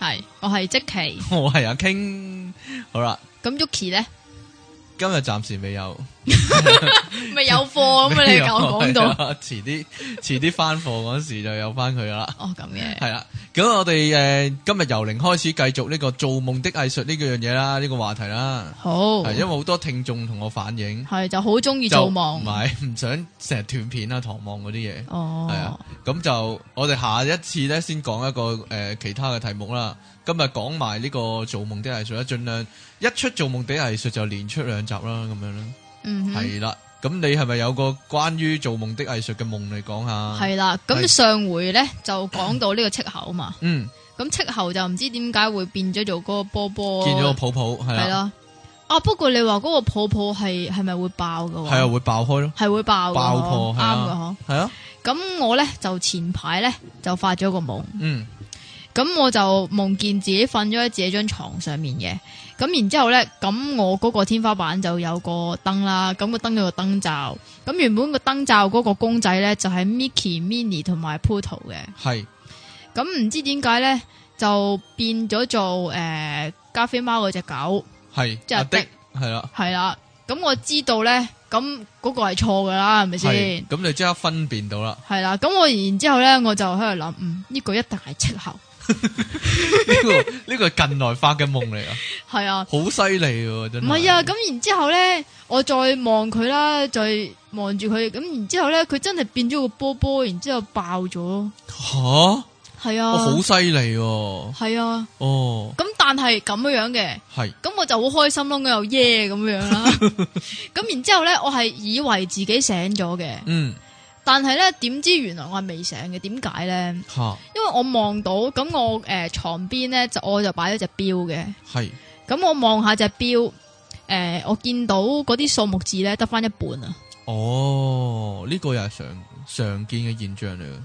係，我係即奇，我係阿 King，好啦，咁 Yuki 呢？今日暫時未有，咪 有貨咁嘛？你講到，遲啲遲啲翻貨嗰時就有翻佢啦。哦，咁嘅係啦。咁我哋誒今日由零開始繼續呢個做夢的藝術呢個樣嘢啦，呢個話題啦。好係，因為好多聽眾同我反映，係就好中意做夢，唔係唔想成日斷片啊、唐望嗰啲嘢。哦，係啊。咁就我哋下一次咧，先講一個誒、呃、其他嘅題目啦。今日講埋呢個做夢的藝術啦，盡量。一出做夢的藝術就連出兩集啦，咁樣啦，嗯哼，係啦。咁你係咪有個關於做夢的藝術嘅夢嚟講下？係啦，咁上回咧是就講到呢個斥候嘛，嗯，咁斥候就唔知點解會變咗做嗰個波波，變咗個泡泡係咯。啊，不過你話嗰個泡泡係係咪會爆噶？係啊，會爆開咯，係會爆的爆破，啱嘅嗬，係啊了。咁了我咧就前排咧就發咗個夢，嗯，咁我就夢見自己瞓咗喺自己張床上面嘅。咁然之後咧，咁我嗰個天花板就有個燈啦，咁、那個燈有個燈罩，咁原本個燈罩嗰個公仔咧就係、是、Mickey Minnie 同埋 Pluto 嘅，係是，咁唔知點解咧就變咗做誒加菲貓嗰隻狗，係是，即係係啦，係啦的，咁的我知道咧，咁嗰個係錯噶啦，係咪先？咁你即刻分辨到啦，係啦，咁我然之後咧我就喺度諗，嗯，呢、這個一定係出後。呢個呢個係近來發嘅夢嚟啊，係啊，好犀利真係。唔係啊，咁然之後咧，我再望佢啦，再望住佢，咁然之後咧，佢真係變咗個波波，然之後爆咗。吓，係啊，好犀利。係啊，哦。咁但係咁樣樣嘅，係。咁我就好開心咯，我又耶咁樣啦。咁然之後咧，我係以為自己醒咗嘅。嗯。但係咧，點知原來我係未醒嘅？點解咧？吓，因為我望到咁我誒、呃、床邊咧就我就擺咗隻表嘅。係是，咁我望下隻表，誒、呃，我見到嗰啲數目字咧得翻一半、哦這個、啊。哦，呢個又係常常見嘅現象嚟嘅。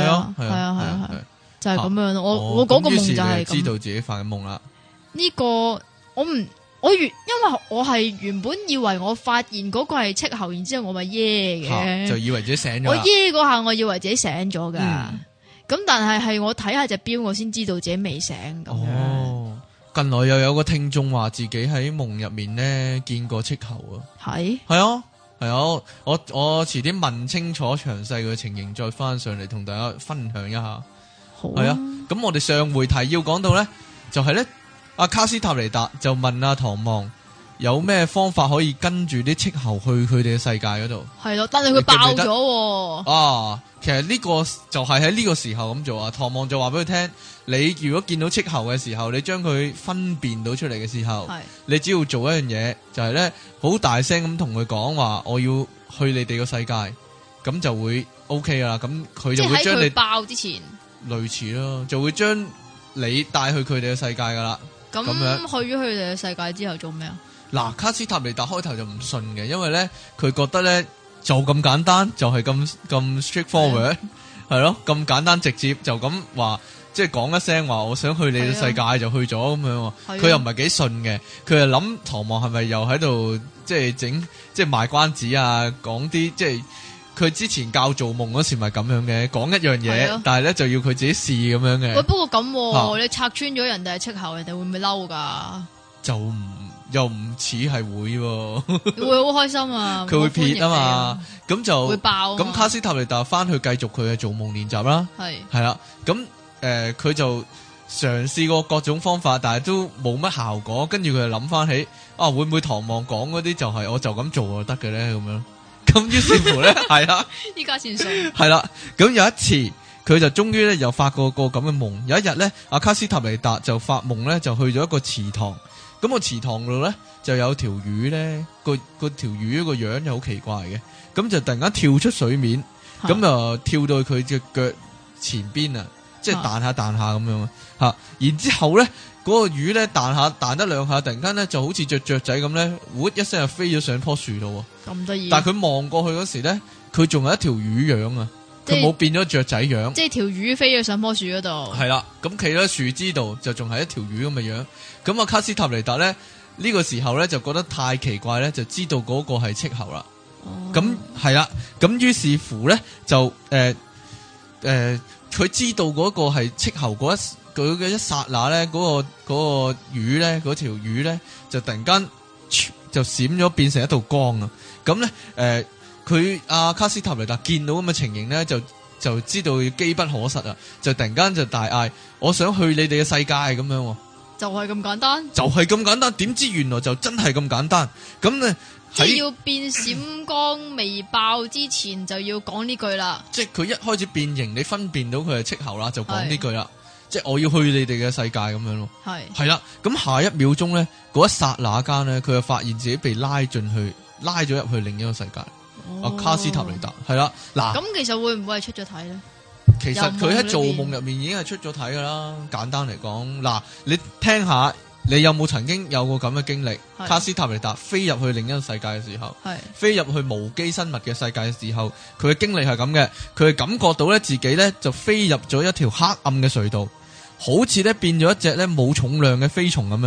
係啊，係啊，係啊，係，就係咁樣咯、啊。我我嗰個夢就係知道自己發緊夢啦。呢、這個我唔。我原因為我係原本以為我發現嗰個係斥候，然之後我咪耶嘅，就以為自己醒咗。我耶嗰下，我以為自己醒咗嘅。咁、嗯、但係係我睇下隻錶我先知道自己未醒咁、哦、樣近來又有個聽眾話自己喺夢入面呢見過斥候是啊，係係哦係啊！我我遲啲問清楚詳細嘅情形再翻上嚟同大家分享一下。係啊，咁、啊、我哋上回提要講到咧，就係、是、咧。阿、啊、卡斯塔尼達就問阿、啊、唐望有咩方法可以跟住啲斥候去佢哋嘅世界嗰度？係咯，但係佢爆咗。啊，其實呢個就係喺呢個時候咁做啊。唐望就話俾佢聽：你如果見到斥候嘅時候，你將佢分辨到出嚟嘅時候，的你只要做一樣嘢，就係咧好大聲咁同佢講話，我要去你哋個世界，咁就會 O K 噶啦。咁佢就會將你爆之前類似咯，就會將你帶去佢哋嘅世界噶啦。咁樣去咗佢哋嘅世界之後做咩啊？嗱，卡斯塔尼達開頭就唔信嘅，因為咧佢覺得咧就咁簡單，就係咁咁 straightforward，係咯的，咁簡單直接就咁話，即係講一聲話我想去你嘅世界的就去咗咁樣，佢的又唔係幾信嘅，佢又諗唐望係咪又喺度即係整，即係賣關子啊，講啲即係。就是佢之前教做夢嗰時咪咁樣嘅，講一樣嘢，啊、但係咧就要佢自己試咁樣嘅。不過咁、啊，啊、你拆穿咗人哋嘅出口，人哋會唔會嬲噶？就唔又唔似係會、啊，會好開心啊！佢 會撇啊嘛，咁、啊、就會爆、啊。咁卡斯塔尼達翻去繼續佢嘅做夢練習啦。係係啦，咁誒，佢、呃、就嘗試過各種方法，但係都冇乜效果。跟住佢就諗翻起，啊，會唔會唐望講嗰啲就係我就咁做就得嘅咧？咁樣。咁於是乎咧，係啦 了，依家算數。係啦，咁有一次佢就終於咧又發過個咁嘅夢。有一日咧，阿卡斯特尼達就發夢咧，就去咗一個池塘。咁、那個池塘度咧就有條魚咧，個條條魚個樣就好奇怪嘅。咁就突然間跳出水面，咁、啊、就跳到佢隻腳前邊，就是、啊，即係彈下彈下咁樣。吓，然之後咧。嗰個魚咧彈下彈得兩下，突然間咧就好似隻雀仔咁咧，忽一聲就飛咗上棵樹咯。咁得意！但係佢望過去嗰時咧，佢仲係一條魚樣啊，佢冇即變咗雀仔樣。即係條魚飛咗上棵樹嗰度。係啦，咁企喺樹枝度就仲係一條魚咁嘅樣。咁啊，卡斯塔尼達咧呢、呢個時候咧就覺得太奇怪咧，就知道嗰個係斥候啦。咁係啦，咁於是乎咧就誒誒，佢、呃呃、知道嗰個係斥候嗰一。佢嘅一剎那咧，嗰、那個嗰、那個魚咧，嗰條魚咧，就突然間就閃咗，變成一道光呢、呃、啊！咁咧，誒，佢阿卡斯塔尼達，見到咁嘅情形咧，就就知道機不可失啊！就突然間就大嗌：我想去你哋嘅世界咁樣、哦。就係咁簡單。就係咁簡單。點知原來就真係咁簡單。咁咧，喺要變閃光微在、嗯、爆之前就要講呢句啦。即係佢一開始變形，你分辨到佢係斥候啦，就講呢句啦。即係我要去你哋嘅世界咁樣咯，係係啦。咁下一秒鐘咧，嗰一剎那間咧，佢就發現自己被拉進去，拉咗入去另一個世界。哦，卡斯塔尼達，係啦，嗱，咁其實會唔會係出咗體咧？其實佢喺做夢入面已經係出咗體噶啦。簡單嚟講，嗱，你聽下，你有冇曾經有過咁嘅經歷？是卡斯塔尼達飛入去另一個世界嘅時候，係是飛入去無機生物嘅世界嘅時候，佢嘅經歷係咁嘅。佢係感覺到咧，自己咧就飛入咗一條黑暗嘅隧道。好似咧變咗一隻咧冇重量嘅飛蟲咁樣，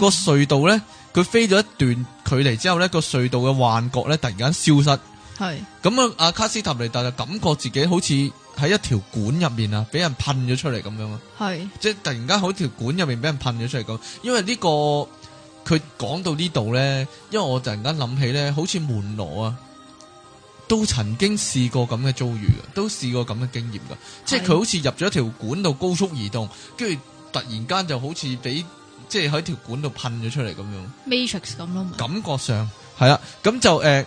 個、嗯、隧道咧佢飛咗一段距離之後咧個隧道嘅幻覺咧突然間消失，係咁啊，阿卡斯塔尼達就感覺自己好似喺一條管入面啊，俾人噴咗出嚟咁樣啊，係即係突然間喺條管入面俾人噴咗出嚟咁，因為呢、這個佢講到呢度咧，因為我突然間諗起咧，好似門羅啊。都曾經試過咁嘅遭遇嘅，都試過咁嘅經驗嘅即係佢好似入咗條管度高速移動，跟住的突然間就好似俾即係喺條管度噴咗出嚟咁樣。Matrix 咁咯，感覺上係啦，咁的就誒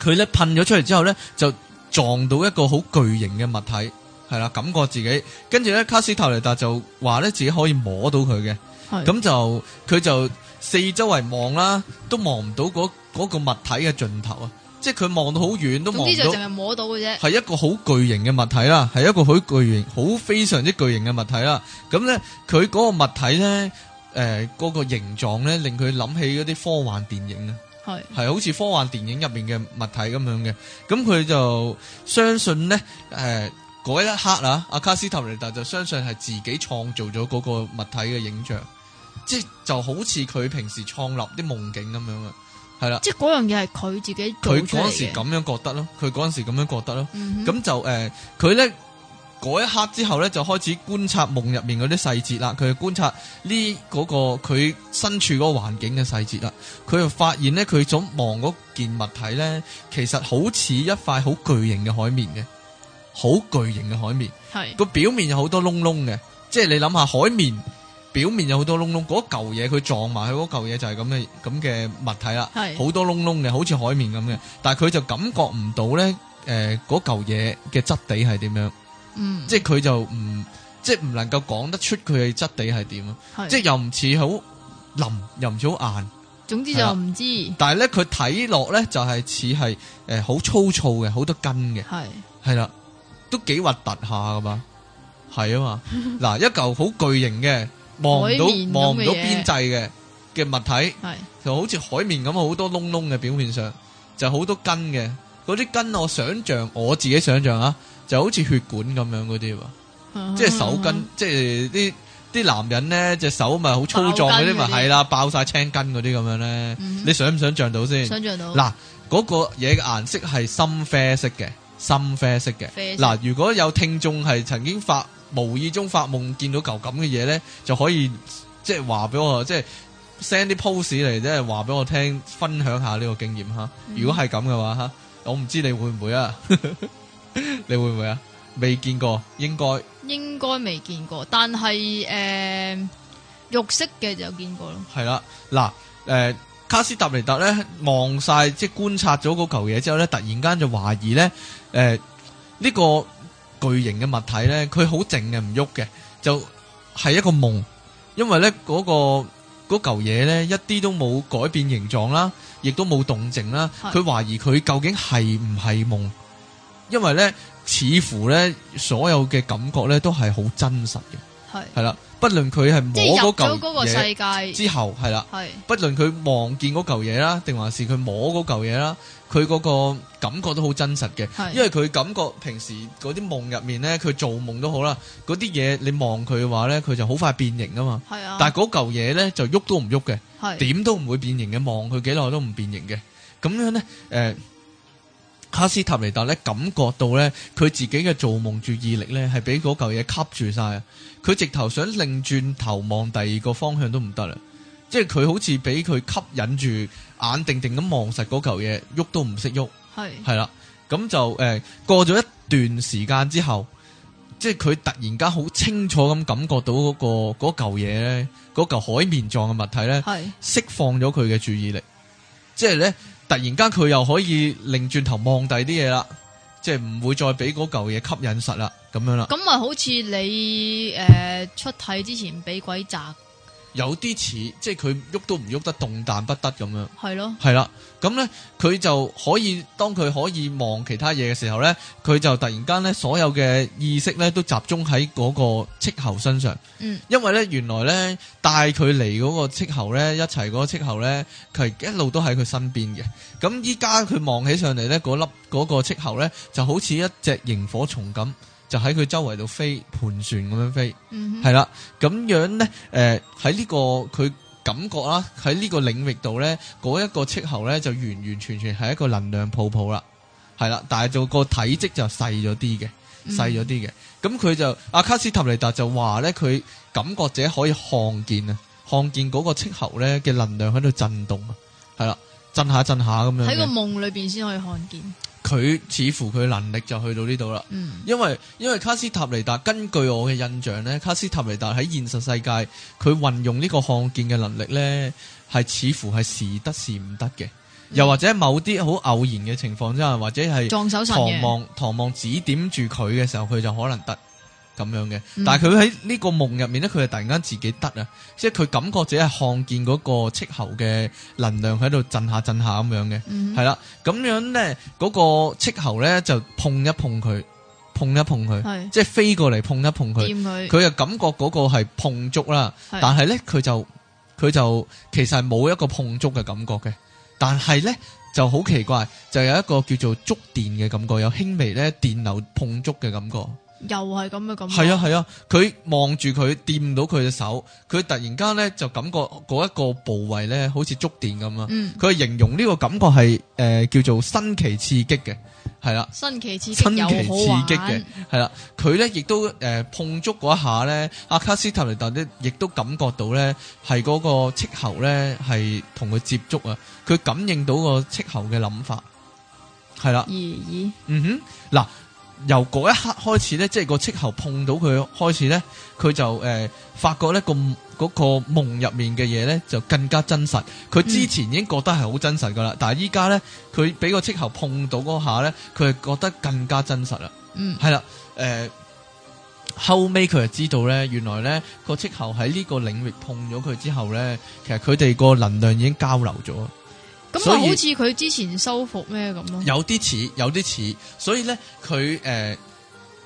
佢咧噴咗出嚟之後咧，就撞到一個好巨型嘅物體，係啦，感覺自己跟住咧，卡斯特雷達就話咧自己可以摸到佢嘅，咁的就佢就四周圍望啦，都望唔到嗰、嗰個嗰個物體嘅盡頭啊。即係佢望到好遠都望唔到，係一個好巨型嘅物體啦，係一個好巨型、好非常之巨型嘅物體啦。咁咧，佢嗰個物體咧，誒，嗰個形狀咧，令佢諗起嗰啲科幻電影啊，係，係好似科幻電影入面嘅物體咁樣嘅。咁佢就相信咧，誒，嗰一刻啊，阿卡斯塔尼達就相信係自己創造咗嗰個物體嘅影像，即係就好似佢平時創立啲夢境咁樣啊。係啦，即係嗰樣嘢係佢自己做嘅，佢嗰陣時咁樣覺得咯，佢嗰陣時咁樣覺得咯，咁、嗯、哼就誒，佢咧嗰一刻之後咧就開始觀察夢入面嗰啲細節啦，佢就觀察呢嗰、那個佢身處嗰個環境嘅細節啦，佢就發現咧佢所望嗰件物體咧，其實好似一塊好巨型嘅海綿嘅，好巨型嘅海綿，係個是表面有好多窿窿嘅，即係你諗下海綿。表面有好多窿窿，嗰嚿嘢佢撞埋去，嗰嚿嘢就係咁嘅咁嘅物體啦是，好多窿窿嘅，好似海綿咁嘅。但係佢就感覺唔到咧，誒、呃，嗰嚿嘢嘅質地係點樣？嗯，即係佢就唔，即係唔能夠講得出佢嘅質地係點啊。是即係又唔似好腍，又唔似好硬，總之就唔啦知道。但係咧，佢睇落咧就係似係誒好粗糙嘅，好多根嘅。係係是啦，都幾核突下噶嘛，係啊嘛。嗱， 一嚿好巨型嘅。望唔到望唔到邊際嘅嘅物體，是就好似海綿咁好多窿窿嘅表面上，就好、是、多根嘅。嗰啲根我想象我自己想象啊，就好似血管咁樣嗰啲， 即係手根， 即係啲啲男人咧，隻手咪好粗壯嗰啲咪係啦，爆晒青筋嗰啲咁樣咧。嗯、哼你想唔想象到先？想象到嗱，嗰、嗰個嘢嘅顏色係深啡色嘅，深啡色嘅。嗱色，如果有聽眾係曾經發。無意中發夢見到嚿咁嘅嘢咧，就可以即係話俾我，即係 send 啲 post 嚟，即係話俾我聽，分享下呢個經驗、嗯、如果係咁嘅話哈，我唔知你會唔會啊？ 你會唔會啊？未見過，應該應該未見過，但係誒肉色嘅就見過咯。係啦，嗱，誒、呃、卡斯特尼特咧望晒，即係觀察咗嗰嚿嘢之後咧，突然間就懷疑咧，誒、呃、呢、這個。巨型嘅物體咧，佢好靜嘅，唔喐嘅，就係一個夢。因為咧嗰個嗰嚿嘢咧一啲都冇改變形狀啦，亦都冇動靜啦。佢懷疑佢究竟係唔係夢，因為咧似乎咧所有嘅感覺咧都係好真實嘅，係啦。不論佢係摸嗰嚿嘢之後，係啦，不論佢望見嗰嚿嘢啦，定還是佢摸嗰嚿嘢啦，佢嗰個感覺都好真實嘅，因為佢感覺平時嗰啲夢入面咧，佢做夢都好啦，嗰啲嘢你望佢嘅話咧，佢就好快變形啊嘛，係啊，但係嗰嚿嘢咧就喐都唔喐嘅，點都唔會變形嘅，望佢幾耐都唔變形嘅，咁樣咧，誒。卡斯塔尼達咧感覺到咧，佢自己嘅做夢注意力咧係俾嗰嚿嘢吸住晒，佢直頭想擰轉頭望第二個方向都唔得啦，即係佢好似俾佢吸引住，眼定定咁望實嗰嚿嘢，喐都唔識喐，係係啦，咁就誒過咗一段時間之後，即係佢突然間好清楚咁感覺到嗰個嗰嚿嘢咧，嗰嚿海綿狀嘅物體咧，釋是放咗佢嘅注意力，即係咧。突然間佢又可以擰轉頭望第啲嘢啦，即係唔會再俾嗰嚿嘢吸引實啦，咁樣啦。咁啊好似你誒、呃、出體之前俾鬼壓。有啲似，即係佢喐都唔喐得，動彈不得咁樣。係咯的，係啦，咁呢，佢就可以當佢可以望其他嘢嘅時候呢，佢就突然間呢，所有嘅意識呢都集中喺嗰個斥候身上。嗯，因為呢，原來呢，帶佢嚟嗰個斥候呢，一齊嗰斥候呢，佢一路都喺佢身邊嘅。咁依家佢望起上嚟呢，嗰粒嗰個斥候呢，就好似一隻螢火蟲咁。就喺佢周圍度飛，盤旋咁樣飛，係啦，咁、嗯、哼樣咧，誒喺呢個佢感覺啦，喺呢個領域度咧，嗰一個戚喉咧就完完全全係一個能量泡泡啦，係啦，但係就個體積就小、嗯、哼細咗啲嘅，細咗啲嘅，咁佢就阿卡斯塔尼達就話咧，佢感覺自己可以看見啊，看見嗰個戚喉咧嘅能量喺度震動啊，係啦，震下震下咁樣。喺個夢裏面先可以看見。看見佢似乎佢能力就去到呢度啦，嗯、因為因為卡斯塔尼達根據我嘅印象咧，卡斯塔尼達喺現實世界佢運用呢個看見嘅能力咧，係似乎係時得時唔得嘅，嗯、又或者某啲好偶然嘅情況之下，或者係撞手神，唐望唐望指點住佢嘅時候，佢就可能得。咁樣嘅，但係佢喺呢個夢入面咧，佢係突然間自己得啊，即係佢感覺自己係看見嗰個斥候嘅能量喺度震下震下咁樣嘅，係啦，咁樣咧，嗰個斥候咧就碰一碰佢，碰一碰佢，即係飛過嚟碰一碰佢，佢又感覺嗰個係碰觸啦，但係咧佢就佢就其實係冇一個碰觸嘅感覺嘅，但係咧就好奇怪，就有一個叫做觸電嘅感覺，有輕微咧電流碰觸嘅感覺。又係咁嘅咁，係啊係啊！佢望住佢掂到佢嘅手，佢突然間咧就感覺嗰一個部位咧好似觸電咁啊！佢、嗯、形容呢個感覺係誒、呃、叫做新奇刺激嘅，係啦，新奇刺激新奇刺激嘅，係啦。佢咧亦都誒、呃、碰觸嗰一下咧，阿卡斯特尼達咧亦都感覺到咧係嗰個斥候咧係同佢接觸啊！佢感應到嗰個斥候嘅諗法係啦，咦咦嗯，嗯哼，嗱。由嗰一刻開始咧，即係個斥候碰到佢開始咧，佢就誒發覺咧個嗰個夢入面嘅嘢咧就更加真實。佢之前已經覺得係好真實噶啦，嗯、但係依家咧佢俾個斥候碰到嗰下咧，佢係覺得更加真實啦。嗯，係啦，誒後尾佢就知道咧，原來咧個斥候喺呢個領域碰咗佢之後咧，其實佢哋個能量已經交流咗。咁啊，好似佢之前收服咩咁咯？有啲似，有啲似，所以咧，佢誒，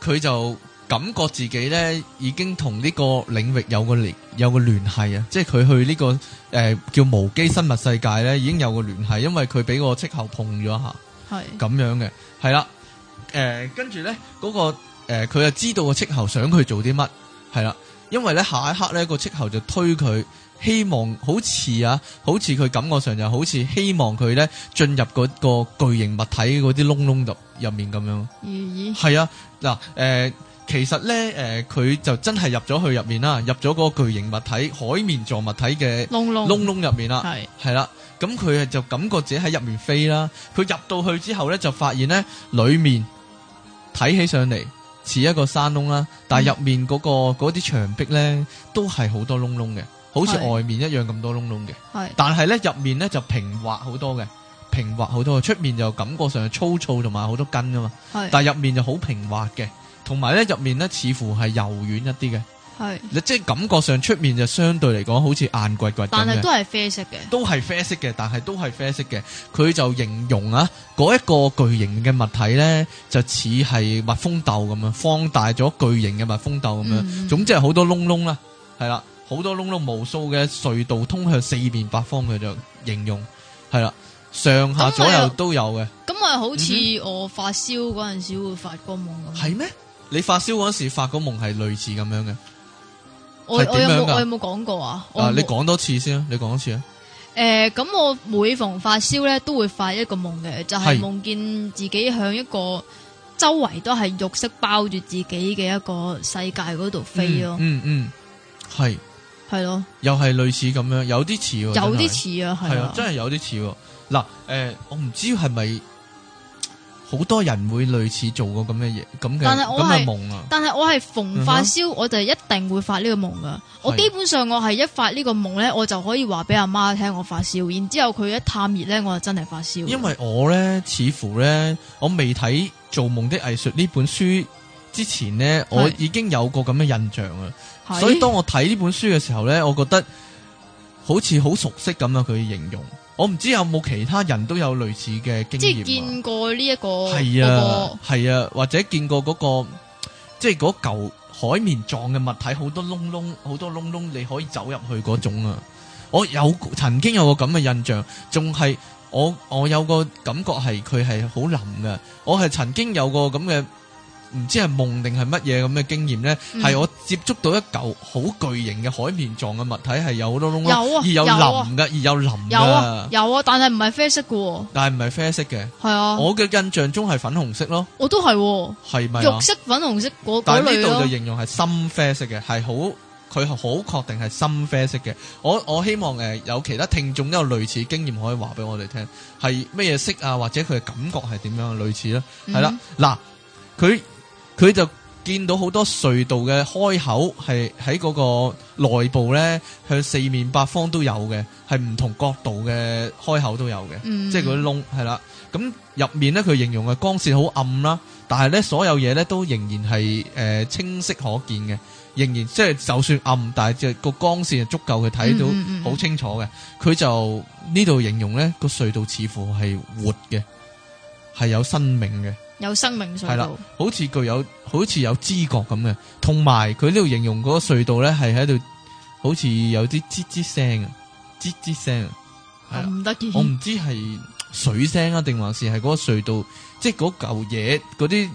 佢、呃、就感覺自己咧，已經同呢個領域有個聯有個聯繫啊！即係佢去呢、這個誒、呃、叫無機生物世界咧，已經有個聯繫，因為佢俾個斥候碰咗下，係咁是樣嘅，係啦，誒、呃，跟住咧嗰個誒，佢、呃、就知道個斥候想佢做啲乜，係啦，因為咧下一刻咧個斥候就推佢。希望好似啊，好似佢感覺上就是、好似希望佢咧進入嗰個巨型物體嗰啲窿窿度入面咁樣。係、嗯嗯、啊，嗱，誒，其實咧，誒、呃，佢就真係入咗去入面啦，入咗個巨型物體海綿狀物體嘅窿窿窿窿入面啦。係係啦，咁佢、啊、就感覺自己喺入面飛啦。佢入到去之後咧，就發現咧裏面睇起上嚟似一個山窿啦，但係入面嗰、嗰個嗰啲牆壁咧都係好多窿窿嘅。好似外面一樣咁多窿窿嘅，但係咧入面咧就平滑好多嘅，平滑好多嘅。出面就感覺上粗糙同埋好多根啊嘛，但係入面就好平滑嘅，同埋咧入面咧似乎係柔軟一啲嘅。係，你即係感覺上出面就相對嚟講好似硬掘掘咁嘅。但係都係啡色嘅，都係啡色嘅，但係都係啡色嘅。佢就形容啊，嗰一個巨型嘅物體咧，就似係蜜蜂竇咁樣放大咗巨型嘅蜜蜂竇咁樣，總之係好多窿窿啦，係啦。好多窿窿無數嘅隧道通向四面八方，嘅就形容係啦，上下左右都有嘅。咁咪好似我發燒嗰陣時候會發個夢咁。係咩、嗯哼？你發燒嗰時候發個夢係類似咁我樣嘅？我有沒有我有冇我有冇講過啊？啊，你講多次先啊！你講多次啊！誒、呃，咁我每逢發燒咧，都會發一個夢嘅，就係、是、夢見自己向一個周圍都係肉色包住自己嘅一個世界嗰度飛咯、哦嗯。嗯嗯，係。係咯，是又係類似咁樣，有啲似喎，有啲似啊，係啊，真係有啲似喎。嗱的，誒、呃，我唔知係咪好多人會類似做過咁嘅嘢，咁嘅咁嘅夢啊。但係我係逢發燒，嗯、哼我就一定會發呢個夢噶。我基本上我係一發呢個夢咧，的我就可以話俾阿媽聽我發燒。然之後佢一探熱咧，我就真係發燒。因為我咧，似乎咧，我未睇《做夢的藝術》呢本書之前咧，的我已經有過咁嘅印象啊。所以當我睇呢本書嘅時候咧，我覺得好似好熟悉咁樣。佢形容，我唔知有冇其他人都有類似嘅經驗，即係見過呢、這、一個，係啊，係、那個、啊，或者見過嗰、那個，即係嗰嚿海綿狀嘅物體，好多窿窿，好多窿窿，你可以走入去嗰種啊！我有曾經有個咁嘅印象，仲係我我有個感覺係佢係好腍嘅，我係曾經有個咁嘅。唔知係夢定係乜嘢咁嘅經驗咧？係、嗯、我接觸到一嚿好巨型嘅海綿狀嘅物體，係有好多窿，有啊而有淋嘅，有啊、而有淋嘅，有啊，有啊，但係唔係啡色喎。但係唔係啡色嘅，係啊，我嘅印象中係粉紅色咯，我都係、啊，係咪肉色粉紅色嗰？但呢度就形容係深啡色嘅，係好，佢好確定係深啡色嘅。我我希望誒、呃、有其他聽眾都有類似經驗，可以話俾我哋聽，係咩嘢色啊？或者佢嘅感覺係點樣類似咧？係啦、嗯，嗱，佢。佢就見到好多隧道嘅開口係喺嗰個內部咧，向四面八方都有嘅，係唔同角度嘅開口都有嘅，即係嗰啲窿係啦。咁入面咧，佢形容嘅光線好暗啦，但係咧所有嘢咧都仍然係誒、呃、清晰可見嘅，仍然即係、就是、就算暗，但係個光線係足夠佢睇到好清楚嘅。佢、嗯嗯、就呢度形容咧個隧道似乎係活嘅，係有生命嘅。有生命隧道，好似具有好似有知覺咁嘅，同埋佢呢度形容嗰個隧道咧，係喺度好似有啲吱吱聲啊，吱吱聲啊，唔得我唔知係水聲啊，定還是係嗰個隧道，即係嗰嚿嘢嗰啲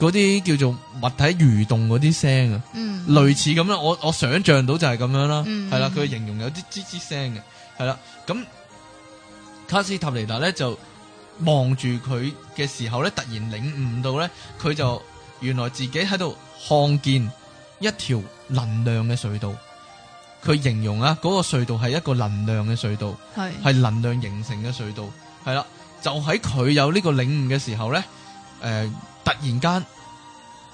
嗰啲叫做物體蠕動嗰啲聲啊，嗯、類似咁啦，我我想象到就係咁樣啦，係啦、嗯嗯，佢形容有啲吱吱聲嘅，係啦，咁卡斯塔尼達咧就。望住佢嘅時候咧，突然領悟到咧，佢就原來自己喺度看見一條能量嘅隧道。佢形容啊，嗰個隧道係一個能量嘅隧道，係係是能量形成嘅隧道，係啦。就喺佢有呢個領悟嘅時候咧，誒、呃，突然間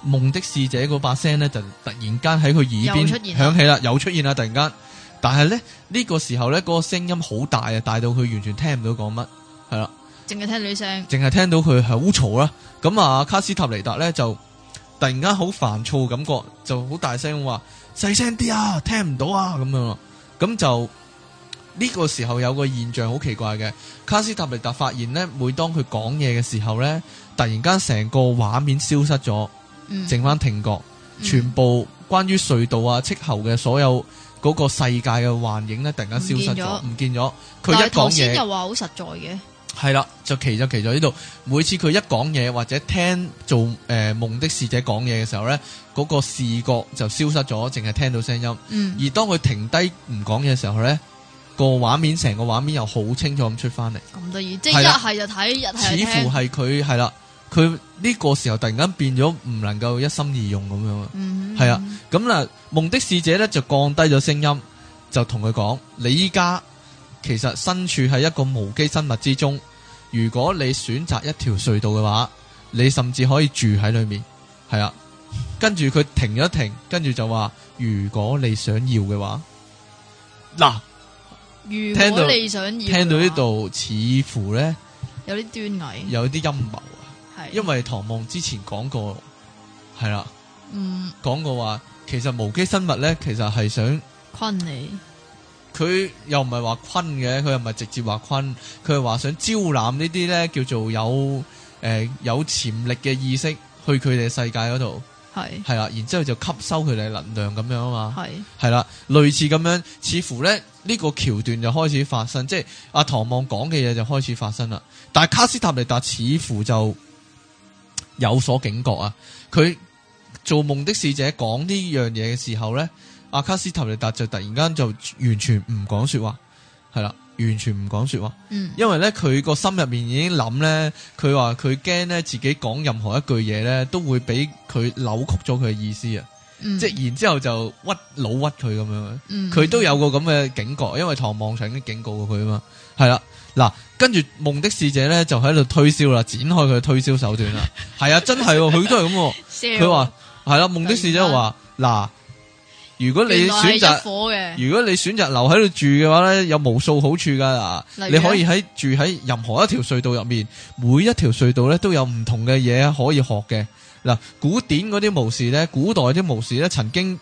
夢的使者嗰把聲咧，就突然間喺佢耳邊響起啦，又出現啦，突然間。但係咧呢、呢個時候咧，個聲音好大啊，大到佢完全聽唔到講乜係啦。淨係聽，聽到聲，淨係聽到佢係污嘈啦。咁啊，卡斯塔尼達咧就突然間好煩躁，感覺就好大聲話細聲啲啊，聽唔到啊咁樣。咁就呢、這個時候有個現象好奇怪嘅，卡斯塔尼達發現咧，每當佢講嘢嘅時候咧，突然間成個畫面消失咗，嗯、剩翻聽覺，嗯、全部關於隧道啊、氣候嘅所有嗰個世界嘅幻影咧，突然間消失咗，唔見咗。佢一講嘢又話好實在嘅。係啦，就奇就奇在呢度。每次佢一講嘢或者聽做誒夢、呃、的使者講嘢嘅時候呢，嗰、嗰個視覺就消失咗，淨係聽到聲音。嗯。而當佢停低唔講嘢嘅時候呢，個畫面成個畫面又好清楚咁出翻嚟。咁得意，即係一係就睇，一係就聽。似乎係佢係啦，佢呢個時候突然間變咗唔能夠一心二用咁樣。嗯。係啊，咁啦，夢的使者呢就降低咗聲音，就同佢講：你依家。嗯其實身處喺一個無機生物之中，如果你選擇一條隧道嘅話，你甚至可以住喺裏面。係啊，跟住佢停一停，跟住就話：如果你想要嘅話，嗱，如果你想要嘅話，聽到呢度，似乎咧有啲端倪，有啲陰謀啊。係，因為唐夢之前講過，係啦、啊，嗯，講過話，其實無機生物咧，其實係想困你。佢又唔係話困嘅，佢又唔係直接話困。佢係話想招攬呢啲咧叫做有誒、呃、有潛力嘅意識去佢哋世界嗰度，係係啦，然之後就吸收佢哋能量咁樣啊嘛，係係啦，類似咁樣，似乎咧呢、這個橋段就開始發生，即係阿唐望講嘅嘢就開始發生啦，但係卡斯塔尼達似乎就有所警覺啊，佢做夢的使者講呢樣嘢嘅時候咧。阿卡斯特利達就突然間就完全唔講說話，係啦，完全唔講說話。嗯，因為咧佢個心入面已經諗咧，佢話佢驚咧自己講任何一句嘢咧，都會俾佢扭曲咗佢嘅意思啊。嗯，即係然之後就屈老屈佢咁樣。嗯，佢都有個咁嘅警覺，因為唐望上已經警告過佢啊嘛。係啦，嗱，跟住夢的使者咧就喺度推銷啦，展開佢嘅推銷手段啦。係啊、嗯，真係，佢都係咁。佢話係啦，夢的使者話嗱。如果你選擇，如果你選擇留喺度住嘅話咧，有無數好處噶嗱，如你可以喺住喺任何一條隧道入面，每一條隧道咧都有唔同嘅嘢可以學嘅嗱，古典嗰啲巫師咧，古代啲巫師咧，曾經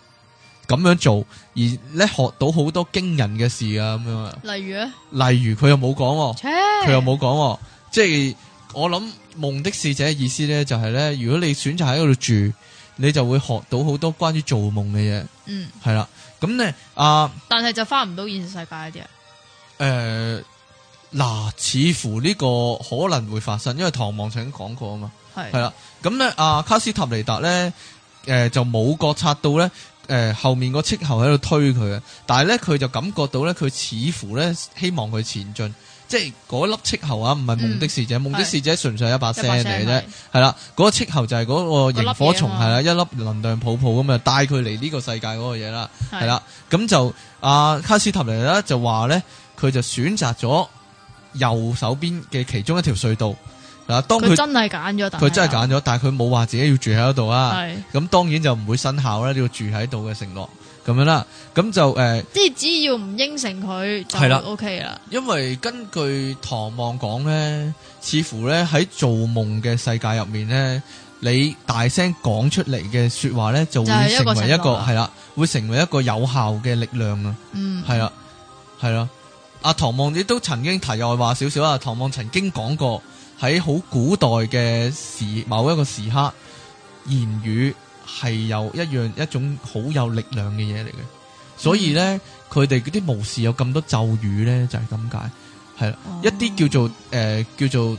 咁樣做而咧學到好多驚人嘅事啊咁樣。例如咧，例如佢又冇講，佢歇又冇講，即係我諗《夢的使者》嘅意思咧就係、是、咧，如果你選擇喺度住。你就會學到好多關於做夢嘅嘢，嗯，係啦，咁咧啊，但係就翻唔到現實世界啲啊。嗱、呃呃，似乎呢個可能會發生，因為唐望曾經講過的啊嘛，係係啦，咁咧啊，卡斯塔尼達咧、呃，就冇覺察到咧，誒、呃、後面個斥候喺度推佢啊，但係咧佢就感覺到咧，佢似乎咧希望佢前進。即係嗰粒斥候啊，唔係夢的使者，嗯、夢的使者純粹係一把聲嚟嘅啫，係啦。嗰、嗰個斥候就係嗰個螢火蟲，係啦、啊，一粒能量泡泡咁啊，帶佢嚟呢個世界嗰個嘢啦，係啦的。咁就阿、啊、卡斯塔尼咧就話咧，佢就選擇咗右手邊嘅其中一條隧道，嗱，當佢真係揀咗，佢真係揀咗，但佢冇話自己要住喺度啊，咁的當然就唔會生效啦，要、呢個、住喺度嘅承諾。咁樣啦，咁就誒，呃、即係只要唔應承佢，係啦，O K 啦。OK、因為根據唐望講咧，似乎咧喺做夢嘅世界入面咧，你大聲講出嚟嘅說話咧，就會成為一個係啦、啊，會成為一個有效嘅力量啊。嗯，係啦，係啦。阿唐望亦都曾經提過話少少啊，唐望曾經講過喺好古代嘅時某一個時刻，言語，係有一樣一種好有力量嘅嘢嚟嘅，所以咧佢哋嗰啲巫師有咁多咒語咧，就係咁解，係啦，一啲叫做誒叫做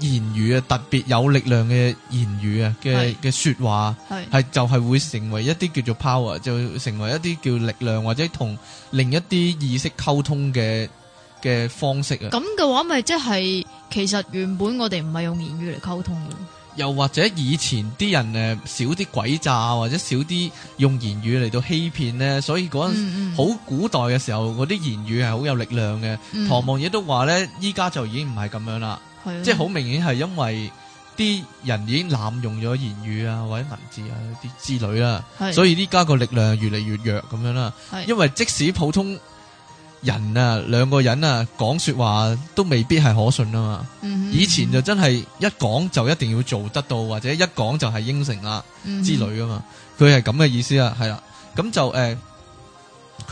言語啊，特別有力量嘅言語啊嘅嘅說話係係就係會成為一啲叫做 power，就會成為一啲叫力量或者同另一啲意識溝通嘅嘅方式啊。咁嘅話咪即係其實原本我哋唔係用言語嚟溝通嘅。又或者以前啲人少啲鬼詐，或者少啲用言語嚟到欺騙咧，所以嗰陣好古代嘅時候，嗰啲、嗯嗯、言語係好有力量嘅。嗯、唐望亦都話咧，依家就已經唔係咁樣啦，的即係好明顯係因為啲人已經濫用咗言語啊，或者文字啊啲之類啦，的所以依家個力量越嚟越弱咁樣啦。的因為即使普通人啊，兩個人啊，講說話、啊、都未必係可信啊嘛。嗯、哼以前就真係一講就一定要做得到，嗯、哼或者一講就係應承啦之類啊嘛。佢係咁嘅意思啊，係啦。咁就誒，佢、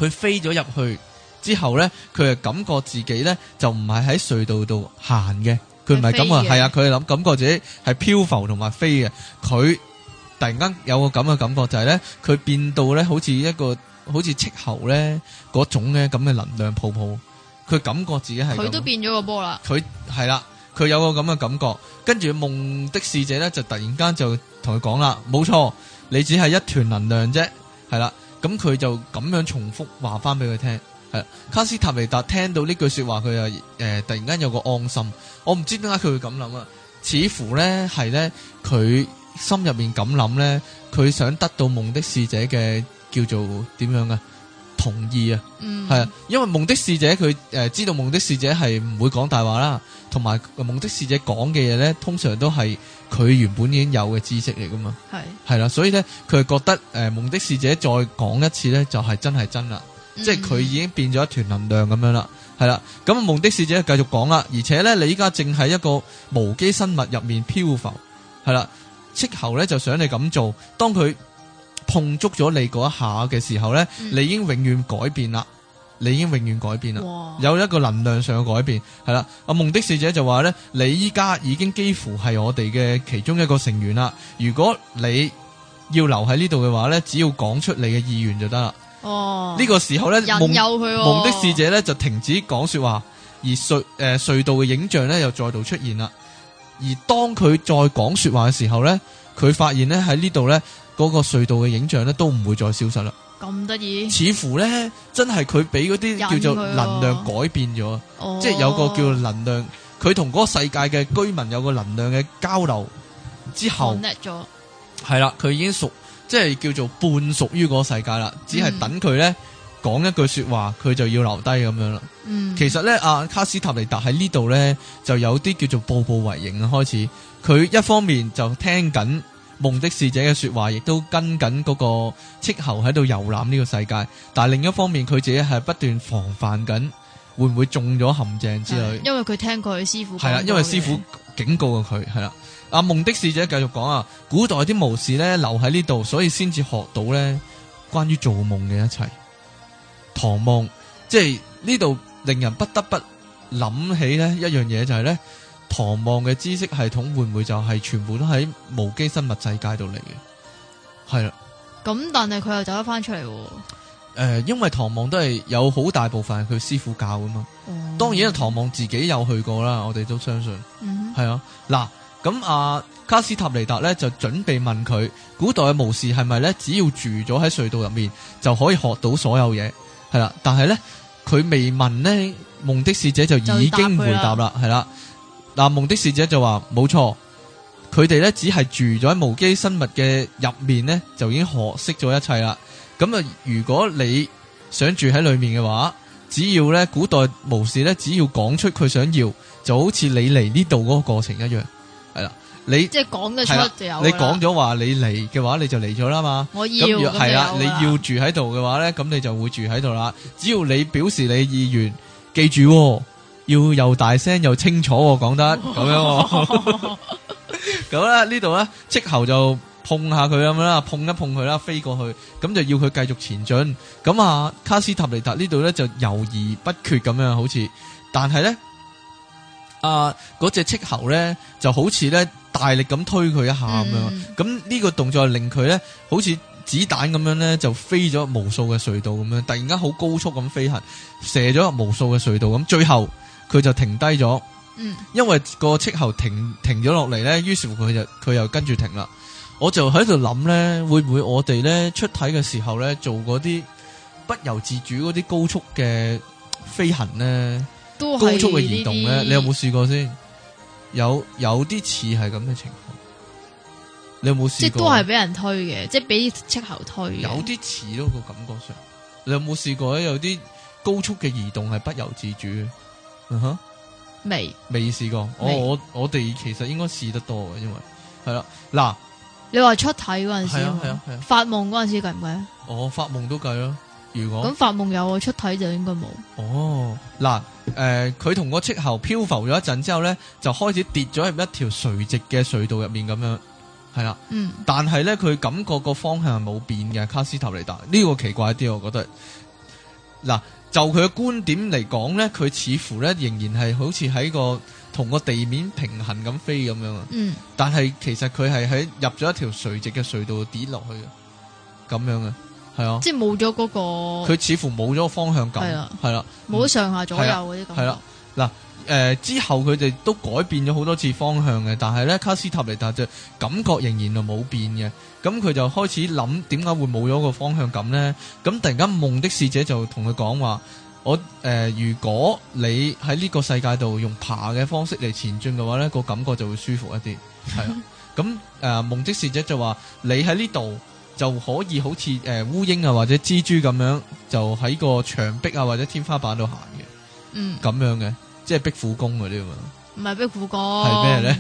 呃、飛咗入去之後咧，佢係感覺自己咧就唔係喺隧道度行嘅，佢唔係咁啊，係啊，佢係諗感覺自己係漂浮同埋飛嘅。佢突然間有個咁嘅感覺，就係、是、咧，佢變到咧好似一個。好似熾候咧嗰種咧咁嘅能量泡泡，佢感覺自己係，佢都變咗個波啦。佢係啦，佢有個咁嘅感覺，跟住夢的使者咧就突然間就同佢講啦，冇錯，你只係一團能量啫，係啦。咁佢就咁樣重複話翻俾佢聽。係卡斯塔尼達聽到呢句說話，佢啊誒突然間有個安心。我唔知點解佢會咁諗啊，似乎咧係咧佢心入面咁諗咧，佢想得到夢的使者嘅。叫做點樣啊同意啊，係啊、嗯，因為夢的使者佢誒、呃、知道夢的使者係唔會講大話啦，同埋夢的使者講嘅嘢咧，通常都係佢原本已經有嘅知識嚟噶嘛，係係啦，所以咧佢係覺得誒夢、呃、的使者再講一次咧，就係、是、真係真啦，嗯、即係佢已經變咗一團能量咁樣啦，係啦，咁夢的使者繼續講啦，而且咧你依家正係一個無機生物入面漂浮，係啦，斥候咧就想你咁做，當佢。碰觸咗你嗰下嘅時候呢，你已經永遠改變啦，嗯、你已經永遠改變啦，哇有一個能量上嘅改變係啦。阿夢的使者就話呢：「你依家已經幾乎係我哋嘅其中一個成員啦。如果你要留喺呢度嘅話呢，只要講出你嘅意願就得啦。」哦，呢個時候呢，夢、哦、的使者呢就停止講說話，而隧誒隧道嘅影像呢又再度出現啦。而當佢再講說話嘅時候呢。佢發現咧喺呢度咧，嗰、那個隧道嘅影像咧都唔會再消失啦。咁得意？似乎咧真係佢俾嗰啲叫做能量改變咗，哦、即係有個叫做能量，佢同嗰個世界嘅居民有個能量嘅交流之後 c o 咗。係啦了，佢已經屬即係叫做半屬於嗰個世界啦，只係等佢咧講一句說話，佢就要留低咁樣啦。嗯，其實咧，阿、啊、卡斯塔尼達喺呢度咧就有啲叫做步步為營啊，開始。佢一方面就聽緊夢的使者嘅說話，亦都跟緊嗰個斥候喺度遊覽呢個世界。但係另一方面，佢自己係不斷防範緊會唔會中咗陷阱之類。因為佢聽過佢師傅係啦，因為師傅警告過佢係啦。阿夢的使、啊、者繼續講啊，古代啲巫師咧留喺呢度，所以先至學到咧關於做夢嘅一切。唐夢即係呢度令人不得不諗起咧一樣嘢，就係咧。唐望嘅知識系統會唔會就係全部都喺無機生物世界度嚟嘅？係啦，咁但係佢又走咗返出嚟。誒、呃，因為唐望都係有好大部分係佢師傅教噶嘛。嗯、當然，唐望自己有去過啦。我哋都相信係、嗯、哼啊。嗱，咁阿卡斯塔尼達咧就準備問佢古代嘅巫士係咪咧，只要住咗喺隧道入面就可以學到所有嘢係啦。但係咧，佢未問呢，夢的使者就已經就答回答啦，係啦。嗱，夢的使者就話：冇錯，佢哋咧只係住咗喺無機生物嘅入面咧，就已經學識咗一切啦。咁啊，如果你想住喺裏面嘅話，只要咧古代巫師咧，只要講出佢想要，就好似你嚟呢度嗰個過程一樣，係啦。你即係講得出的就有。你講咗話你嚟嘅話，你就嚟咗啦嘛。我要係啦要，你要住喺度嘅話咧，咁你就會住喺度啦。只要你表示你意願，記住、哦。要又大聲又清楚，講得咁樣。咁咧哇 呢度咧，斥候就碰下佢咁啦，碰一碰佢啦，飛過去，咁就要佢繼續前進。咁啊，卡斯塔尼達呢度咧就猶豫不決咁樣，好似，但係咧，啊嗰隻斥候咧就好似咧大力咁推佢一下咁樣，咁呢、嗯、個動作令佢咧好似子彈咁樣咧就飛咗無數嘅隧道咁樣，突然間好高速咁飛行，射咗無數嘅隧道，咁最後。佢就停低咗，嗯，因為個斥候停停咗落嚟咧，於是乎佢就佢又跟住停啦。我就喺度諗咧，會唔會我哋咧出體嘅時候咧做嗰啲不由自主嗰啲高速嘅飛行咧，都係高速嘅移動咧呢啲？你有冇試過先？有有啲似係咁嘅情況，你有冇試過？即都係俾人推嘅，即係俾斥候推，有啲似咯個感覺上。你有冇試過咧？有啲高速嘅移動係不由自主。嗯哼，未未試過，我沒我我哋其實應該試得多嘅，因為係啦，嗱，你話出體嗰陣時有有，係啊係啊，發夢嗰陣時計唔計啊？我、啊啊、發夢都計咯，如果咁發夢有，出體就應該冇。哦，嗱，誒、呃，佢同個積喉漂浮咗一陣之後咧，就開始跌咗入一條垂直嘅隧道入面咁樣，係啦，嗯，但係咧佢感覺個方向係冇變嘅，卡斯塔尼達呢個奇怪一啲，我覺得，嗱。就佢嘅觀點嚟講咧，佢似乎咧仍然係好似喺個同個地面平行咁飛咁樣啊。嗯，但係其實佢係喺入咗一條垂直嘅隧道跌落去嘅，咁樣嘅，係啊。即係冇咗嗰個。佢似乎冇咗方向感，係啦、啊，係啦、啊，冇咗上下左右嗰啲感覺。係啦、啊，嗱、啊。誒、呃，之後佢哋都改變咗好多次方向嘅，但係咧卡斯塔尼達就感覺仍然就冇變嘅，咁佢就開始諗點解會冇咗個方向感呢？咁突然間夢的使者就同佢講話：我誒、呃，如果你喺呢個世界度用爬嘅方式嚟前進嘅話呢、呢個感覺就會舒服一啲，係啊。咁誒，夢的使者就話你喺呢度就可以好似誒烏蠅啊或者蜘蛛咁樣，就喺個牆壁啊或者天花板度行嘅，嗯，咁樣嘅。即係逼苦功嗰啲嘛，唔係逼苦功，係咩咧？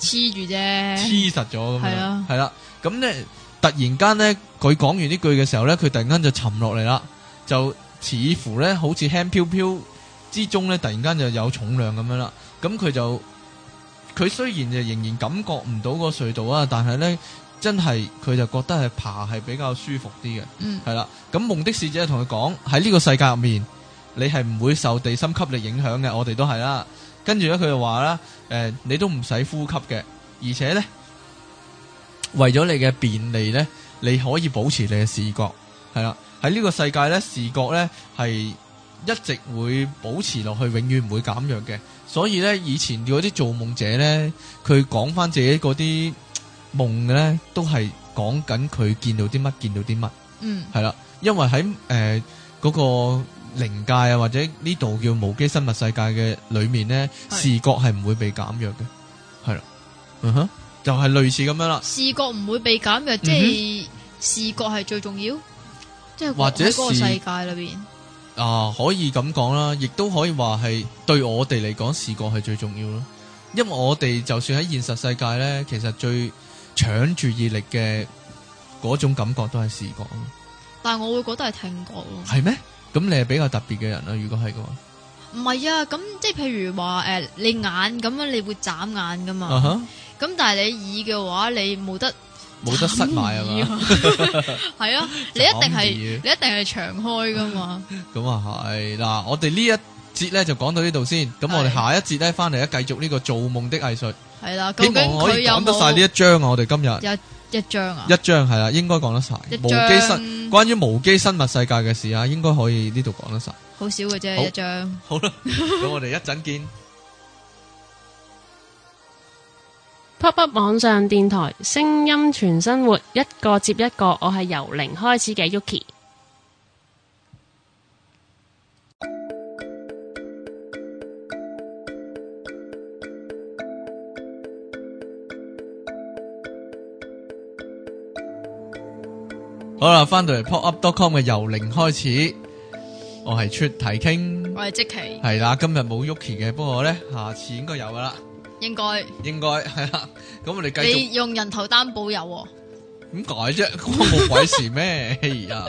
黐住啫，黐實咗咁樣，係啦、啊。咁咧，突然間咧，佢講完呢句嘅時候咧，佢突然間就沉落嚟啦，就似乎咧，好似輕飄飄之中咧，突然間就有重量咁樣啦。咁佢就，佢雖然就仍然感覺唔到個隧道啊，但係咧，真係佢就覺得係爬係比較舒服啲嘅。嗯，係啦。咁夢的使者同佢講喺呢個世界入面，你係唔會受地心吸力影響嘅，我哋都係啦。跟住咧，佢就話啦，誒，你都唔使呼吸嘅，而且咧，為咗你嘅便利咧，你可以保持你嘅視覺，係啦。喺呢個世界咧，視覺咧係一直會保持落去，永遠唔會減弱嘅。所以咧，以前嗰啲做夢者咧，佢講翻自己嗰啲夢咧，都係講緊佢見到啲乜，見到啲乜，嗯，係啦，因為喺誒嗰個。靈界啊，或者呢度叫無機生物世界嘅裏面咧，係，視覺係唔會被減弱嘅，係啦，uh huh，係，嗯哼，就係類似咁樣啦。視覺唔會被減弱，即係視覺係最重要，即係喺嗰個世界裏邊啊，可以咁講啦，亦都可以話係對我哋嚟講，視覺係最重要咯。因為我哋就算喺現實世界咧，其實最搶注意力嘅嗰種感覺都係視覺，但係我會覺得係聽覺咯，係咩？咁你係比較特別嘅人啦，如果係嘅話，唔係啊，咁即係譬如話誒，你眼咁樣你會眨眼噶嘛，咁但係你耳嘅話，你冇得冇得塞埋啊嘛，係啊，你一定係你一定係長開噶嘛，咁啊係嗱，我哋呢一節咧就講到呢度先，咁我哋下一節咧翻嚟咧繼續呢個做夢的藝術，係啦，希望可以講得曬呢一章啊，我哋今日。一章啊！一章係啦，應該講得晒。無機生，關於無機生物世界嘅事啊，應該可以呢度講得晒。好少嘅啫，一章。好啦，咁我哋一陣見。Pop Up 網上電台，聲音全生活，一個接一個。我係由零開始嘅 Yuki。好啦，翻到嚟 pop up.com 嘅由零開始，我係出題傾，我係積奇，係啦，今日冇 Yuki 嘅，不過咧，下次應該有噶啦，應該該，應該係啦，咁我哋繼續，你用人頭擔保有、哦。點解啫，個冇鬼事咩？呀，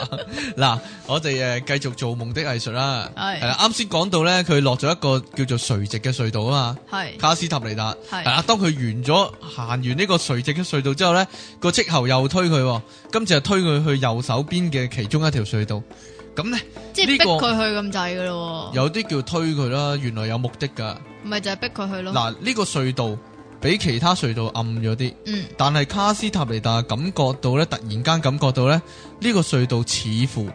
嗱，我哋誒繼續做夢的藝術啦。係是，啱先講到咧，佢落咗一個叫做垂直嘅隧道啊嘛。係是，卡斯塔尼達係啊。當佢完咗行完呢個垂直嘅隧道之後咧，個積候又推佢，今次係推佢去右手邊嘅其中一條隧道。咁咧，即係逼佢去咁滯噶咯。有啲叫推佢啦，原來有目的噶。唔係就係逼佢去咯。嗱，呢個隧道。比其他隧道暗咗啲，嗯、但係卡斯塔尼達感覺到咧，突然間感覺到咧，呢個隧道似乎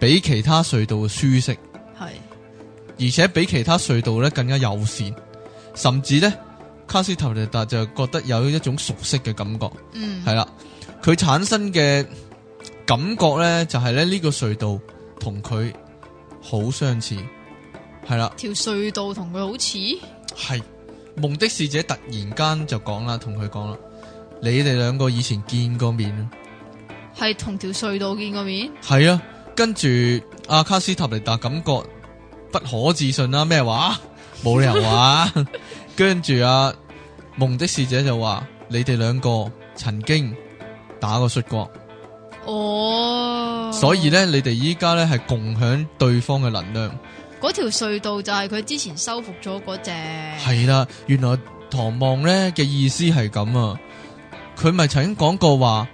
比其他隧道舒適，係是，而且比其他隧道咧更加友善，甚至咧卡斯塔尼達就覺得有一種熟悉嘅感覺，係啦、嗯，佢產生嘅感覺咧就係咧呢個隧道同佢好相似，係啦，條隧道同佢好似係。夢的使者突然間就講啦，同佢講啦，你哋兩個以前見過面，係同條隧道見過面。係啊，跟住阿、啊、卡斯塔尼達感覺不可置信啦、啊，咩話？冇理由、啊、 跟住阿夢的使者就話，你哋兩個曾經打過摔角。哦，oh. 所以咧，你哋依家咧係共享對方嘅能量。嗰條隧道就係佢之前收服咗嗰隻，係啦，原來唐望咧嘅意思係咁啊，佢咪曾經講過話，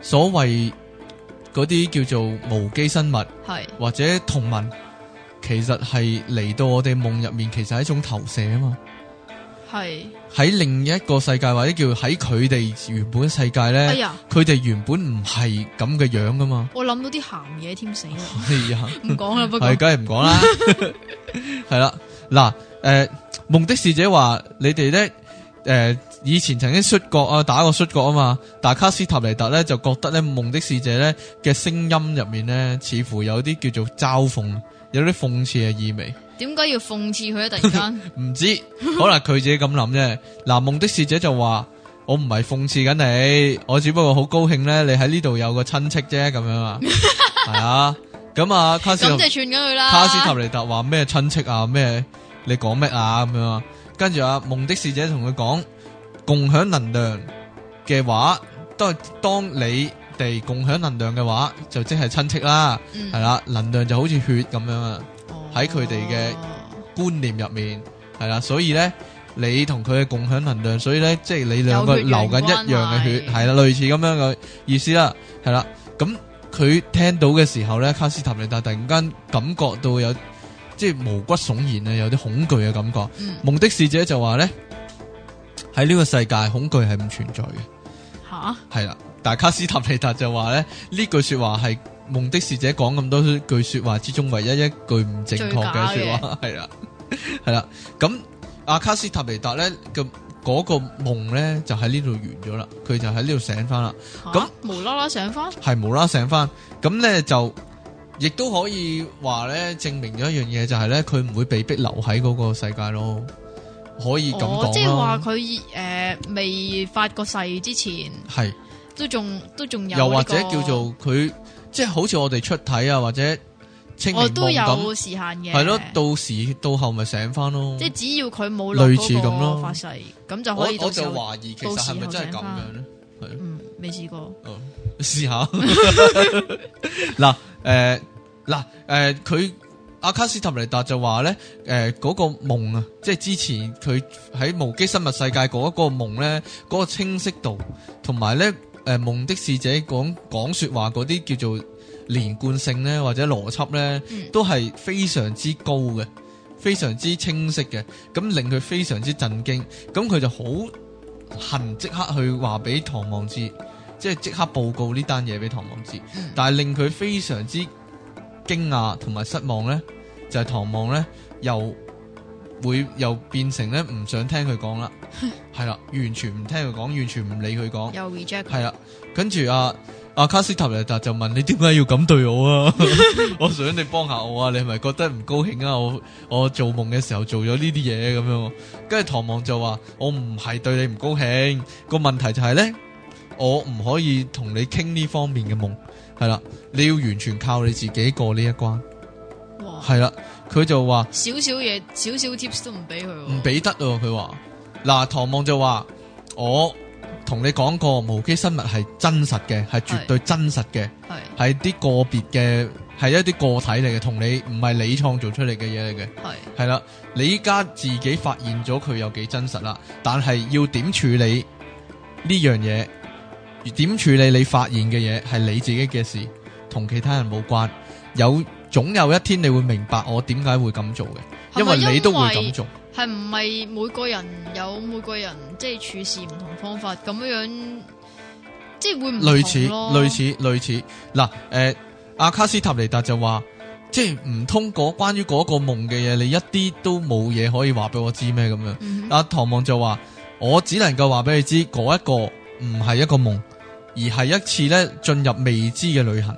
所謂嗰啲叫做無機生物，係是的 或者同文，其實係嚟到我哋夢入面，其實係一種投射啊嘛。係喺是另一個世界，或者叫喺佢哋原本世界咧，佢哋、哎、呀原本唔係咁嘅樣噶嘛。我諗到啲鹹嘢，添死唔講啦，不過梗係唔講啦。係啦， 嗱，誒， 夢、呃、的使者話，你哋咧，誒、呃，以前曾經摔角啊，打過摔角啊嘛，但卡斯塔尼達咧就覺得咧，夢的使者咧嘅聲音入面咧，似乎有啲叫做嘲諷，有啲諷刺嘅意味。點解要諷刺佢啊？突然間唔 知道，可能佢自己咁諗啫。嗱， 夢的使者就話：我唔係諷刺緊你，我只不過好高興咧，你喺呢度有個親戚啫，咁 樣 啊。係啊，咁啊，卡斯咁就串咗佢啦。卡斯塔尼達話咩親戚啊？咩你講咩啊？咁樣啊，跟住啊，夢的使者同佢講：共享能量嘅話，都係當你哋共享能量嘅話，就即係親戚啦。係啦、嗯啊，能量就好似血咁樣啊。喺佢哋嘅觀念入面，係啦、oh.，所以咧，你同佢嘅共享能量，所以咧，即係你兩個有血緣流緊一樣嘅血，係啦的，類似咁樣嘅意思啦，係啦。咁佢聽到嘅時候咧，卡斯塔尼達突然間感覺到有即係毛骨悚然啊，有啲恐懼嘅感覺。Mm. 夢的使者就話咧，喺呢個世界恐懼係唔存在嘅。吓，係啦，但係卡斯塔尼達就話咧，呢句說話係。夢的使者講咁多句說話之中，唯一一句唔正確嘅說話係啦，係啦。咁阿、 啊、卡斯塔尼達咧嘅個夢咧就喺呢度完咗啦，佢就喺呢度醒翻啦。咁無啦啦醒翻係無啦醒翻，咁咧就亦都可以話咧證明咗一樣嘢，就係咧佢唔會被逼留喺嗰個世界咯。可以咁講、哦、即係話佢誒未發過誓之前係是都仲都仲有、這個，又或者叫做佢。即係好似我哋出體啊，或者清明夢咁，係咯，到時到後咪醒翻咯。即係只要佢冇類似咁咯發誓，咁就可以就。我就懷疑，其實係咪真係咁樣咧？係，嗯、啊，未試過，試下。嗱、哦，誒，嗱，誒，佢阿卡斯特尼達就話咧，誒，嗰個夢啊，即係之前佢喺無機生物世界嗰一個夢咧，嗰、那個清晰度同埋咧。誒，夢、呃、的使者講講說話嗰啲叫做連貫性呢，或者邏輯呢，嗯、都係非常之高嘅，非常之清晰嘅，咁令佢非常之震驚，咁佢就好恨即刻去話俾唐望知，即係即刻報告呢單嘢俾唐望知，嗯、但係令佢非常之驚訝同埋失望呢，就係、是、唐望呢又。由會又變成咧唔想聽佢講啦，係啦， 完全唔聽佢講，完全唔理佢講，係啦，跟住阿阿卡斯塔尼達就問你點解要咁對我啊？ 我想你幫下我啊，你咪覺得唔高興啊？我我做夢嘅時候做咗呢啲嘢，咁樣，跟住唐望就話我唔係對你唔高興，個問題就係咧，我唔可以同你傾呢方面嘅夢，係啦，你要完全靠你自己過呢一關，係啦哇。佢就話少少嘢，少少 tips 都唔俾佢。唔俾得喎啊。」佢話嗱，唐望就話我同你講過，無機生物係真實嘅，係絕對真實嘅，係啲係個別嘅，係一啲個體嚟嘅，同你唔係你創造出嚟嘅嘢嚟嘅，係係啦，你依家自己發現咗佢有幾真實啦，但係要點處理呢樣嘢？點處理你發現嘅嘢係你自己嘅事，同其他人冇關有。總有一天你會明白我點解會咁做嘅，是是因為因為你都會咁做。係唔係每個人有每個人即係、就是、處事唔同方法咁樣樣，即、就、係、是、會類似，類似，類似。嗱、啊，誒、啊，阿卡斯塔尼達就話，即係唔通過關於嗰個夢嘅嘢，你一啲都冇嘢可以話俾我知咩咁樣。阿、嗯哼啊、唐望就話，我只能夠話俾你知，嗰一個唔係一個夢，而係一次咧進入未知嘅旅行。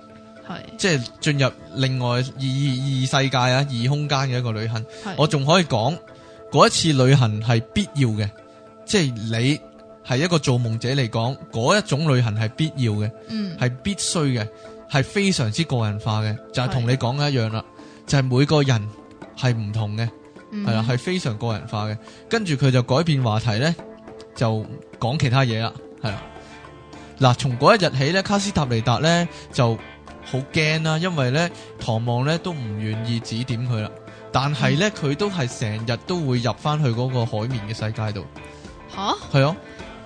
是即係進入另外異世界啊，異空間嘅一個旅行。是我仲可以講嗰一次旅行係必要嘅，即係你係一個做夢者嚟講，嗰一種旅行係必要嘅，係、嗯、必須嘅，係非常之個人化嘅，就係、是、同你講嘅一樣啦。的就係每個人係唔同嘅，係係、嗯、哼非常個人化嘅。跟住佢就改變話題呢就講其他嘢啦，係啊。嗱，從嗰一日起呢，卡斯塔尼達呢就。好驚啦，因為咧，唐望咧都唔願意指點佢啦。但係咧，佢、嗯、都係成日都會入翻去嗰個海綿嘅世界度。吓，係啊。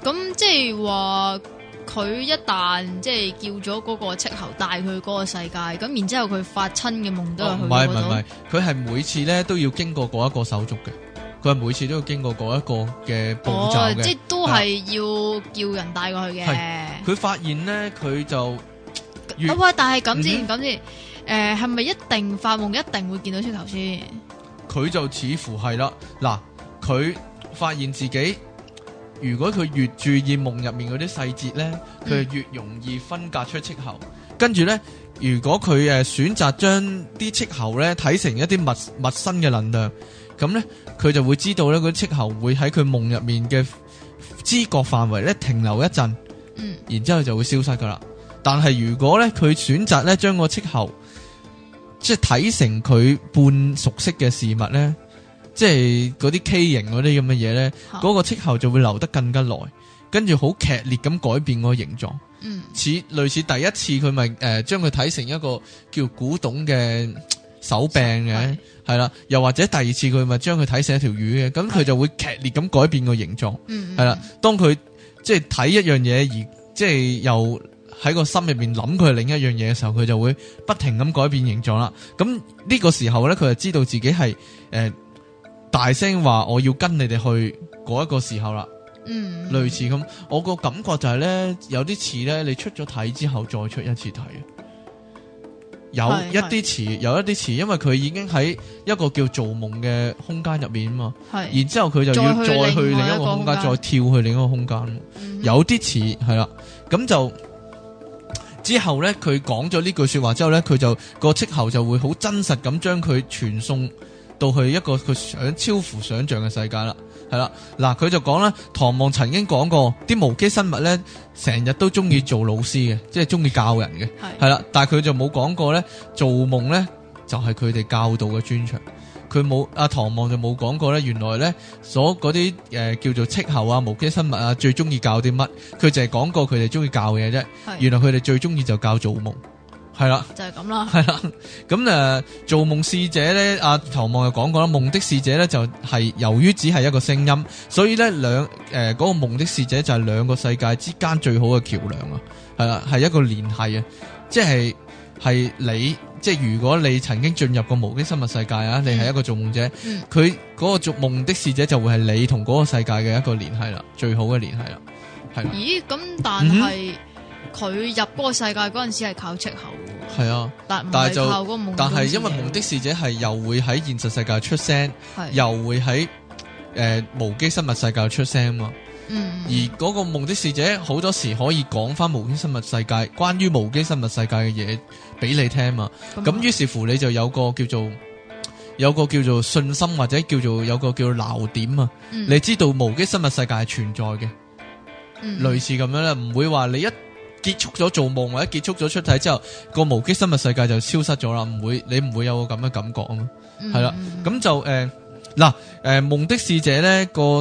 咁即係話，佢一旦即係、就是、叫咗嗰個斥候帶佢去嗰個世界，咁然之後佢發親嘅夢都係去嗰度。唔係唔係唔係，佢係每次咧都要經過嗰一個手續嘅。佢係每次都要經過嗰一個嘅步驟、哦、即係都係要叫人帶過去嘅。佢、啊、發現咧，佢就。越好但係咁先，咁、嗯、先，誒、呃，係咪一定發夢一定會見到斥候先？佢就似乎係啦。嗱，佢發現自己如果佢越注意夢入面嗰啲細節咧，佢越容易分隔出斥候。跟住咧，如果佢誒選擇將啲斥候咧睇成一啲陌陌生嘅能量，咁咧佢就會知道咧嗰啲斥候會喺佢夢入面嘅知覺範圍咧停留一陣，嗯、然之後就會消失噶啦。但係如果咧，佢選擇咧將個斥候即係睇成佢半熟悉嘅事物咧，即係嗰啲 K 型嗰啲咁嘅嘢咧，嗰好個斥候就會留得更加耐，跟住好劇烈咁改變個形狀，似、嗯、類似第一次佢咪誒將佢睇成一個叫古董嘅手柄嘅，係啦柄，又或者第二次佢咪將佢睇成一條魚嘅，咁佢的就會劇烈咁改變個形狀，係啦、嗯。當佢即係睇一樣嘢而即係又。喺個心入邊諗佢另一樣嘢嘅時候，佢就會不停咁改變形狀啦。咁呢個時候呢，佢就知道自己係誒、呃、大聲話我要跟你哋去嗰一個時候啦。嗯，類似咁，我個感覺就係呢，有啲似呢，你出咗體之後再出一次體，有一啲似，有一啲似，因為佢已經喺一個叫做夢嘅空間入面啊嘛。然是之後佢就要再去另一個空間，再跳去另一個空間。嗯、哼有啲似係啦，咁就。之後呢，佢講咗呢句說話之後呢，佢就、那個戚候就會好真實咁將佢傳送到去一個佢想超乎想象嘅世界啦，係啦。嗱，佢就講啦，唐望曾經講過啲無機生物呢，成日都中意做老師嘅，嗯、即係中意教人嘅，係啦的。但係佢就冇講過呢，「做夢呢」就係佢哋教導嘅專長。佢冇阿唐望就冇講過咧，原來咧所嗰啲誒叫做斥候啊、無機生物啊，最中意教啲乜？佢淨係講過佢哋中意教嘢啫。是原來佢哋最中意就教做夢，係啦，就係咁啦，係啦。咁誒，做夢使者咧，阿唐望又就講過啦，夢的使者咧就係由於只係一個聲音，所以咧兩誒嗰個夢的使者就係兩個世界之間最好嘅橋梁啊，係啦，係一個聯繫啊，即係。係你，即係如果你曾經進入過無機生物世界啊，嗯、你係一個造夢者，佢嗰、嗯、個做夢的使者就會係你同嗰個世界嘅一個聯繫啦，最好嘅聯繫啦，係啦。咦？咁但係佢、嗯、哼入嗰個世界嗰陣時係靠出口？係啊，但係就，但係因為夢的使者係又會喺現實世界出聲，是又會喺誒、呃、無機生物世界出聲嘛。嗯、而嗰個夢的使者好多時可以講翻，無機生物世界關於無機生物世界嘅嘢。俾你聽嘛，咁於是乎你就有個叫做有個叫做信心或者叫做有個叫做鬧點啊，你知道無機生物世界係存在嘅，類似咁樣啦，唔會話你一結束咗做夢或者結束咗出體之後個無機生物世界就消失咗啦，唔會你唔會有個咁嘅感覺啊嘛，係啦，咁就誒嗱誒夢的使者咧個。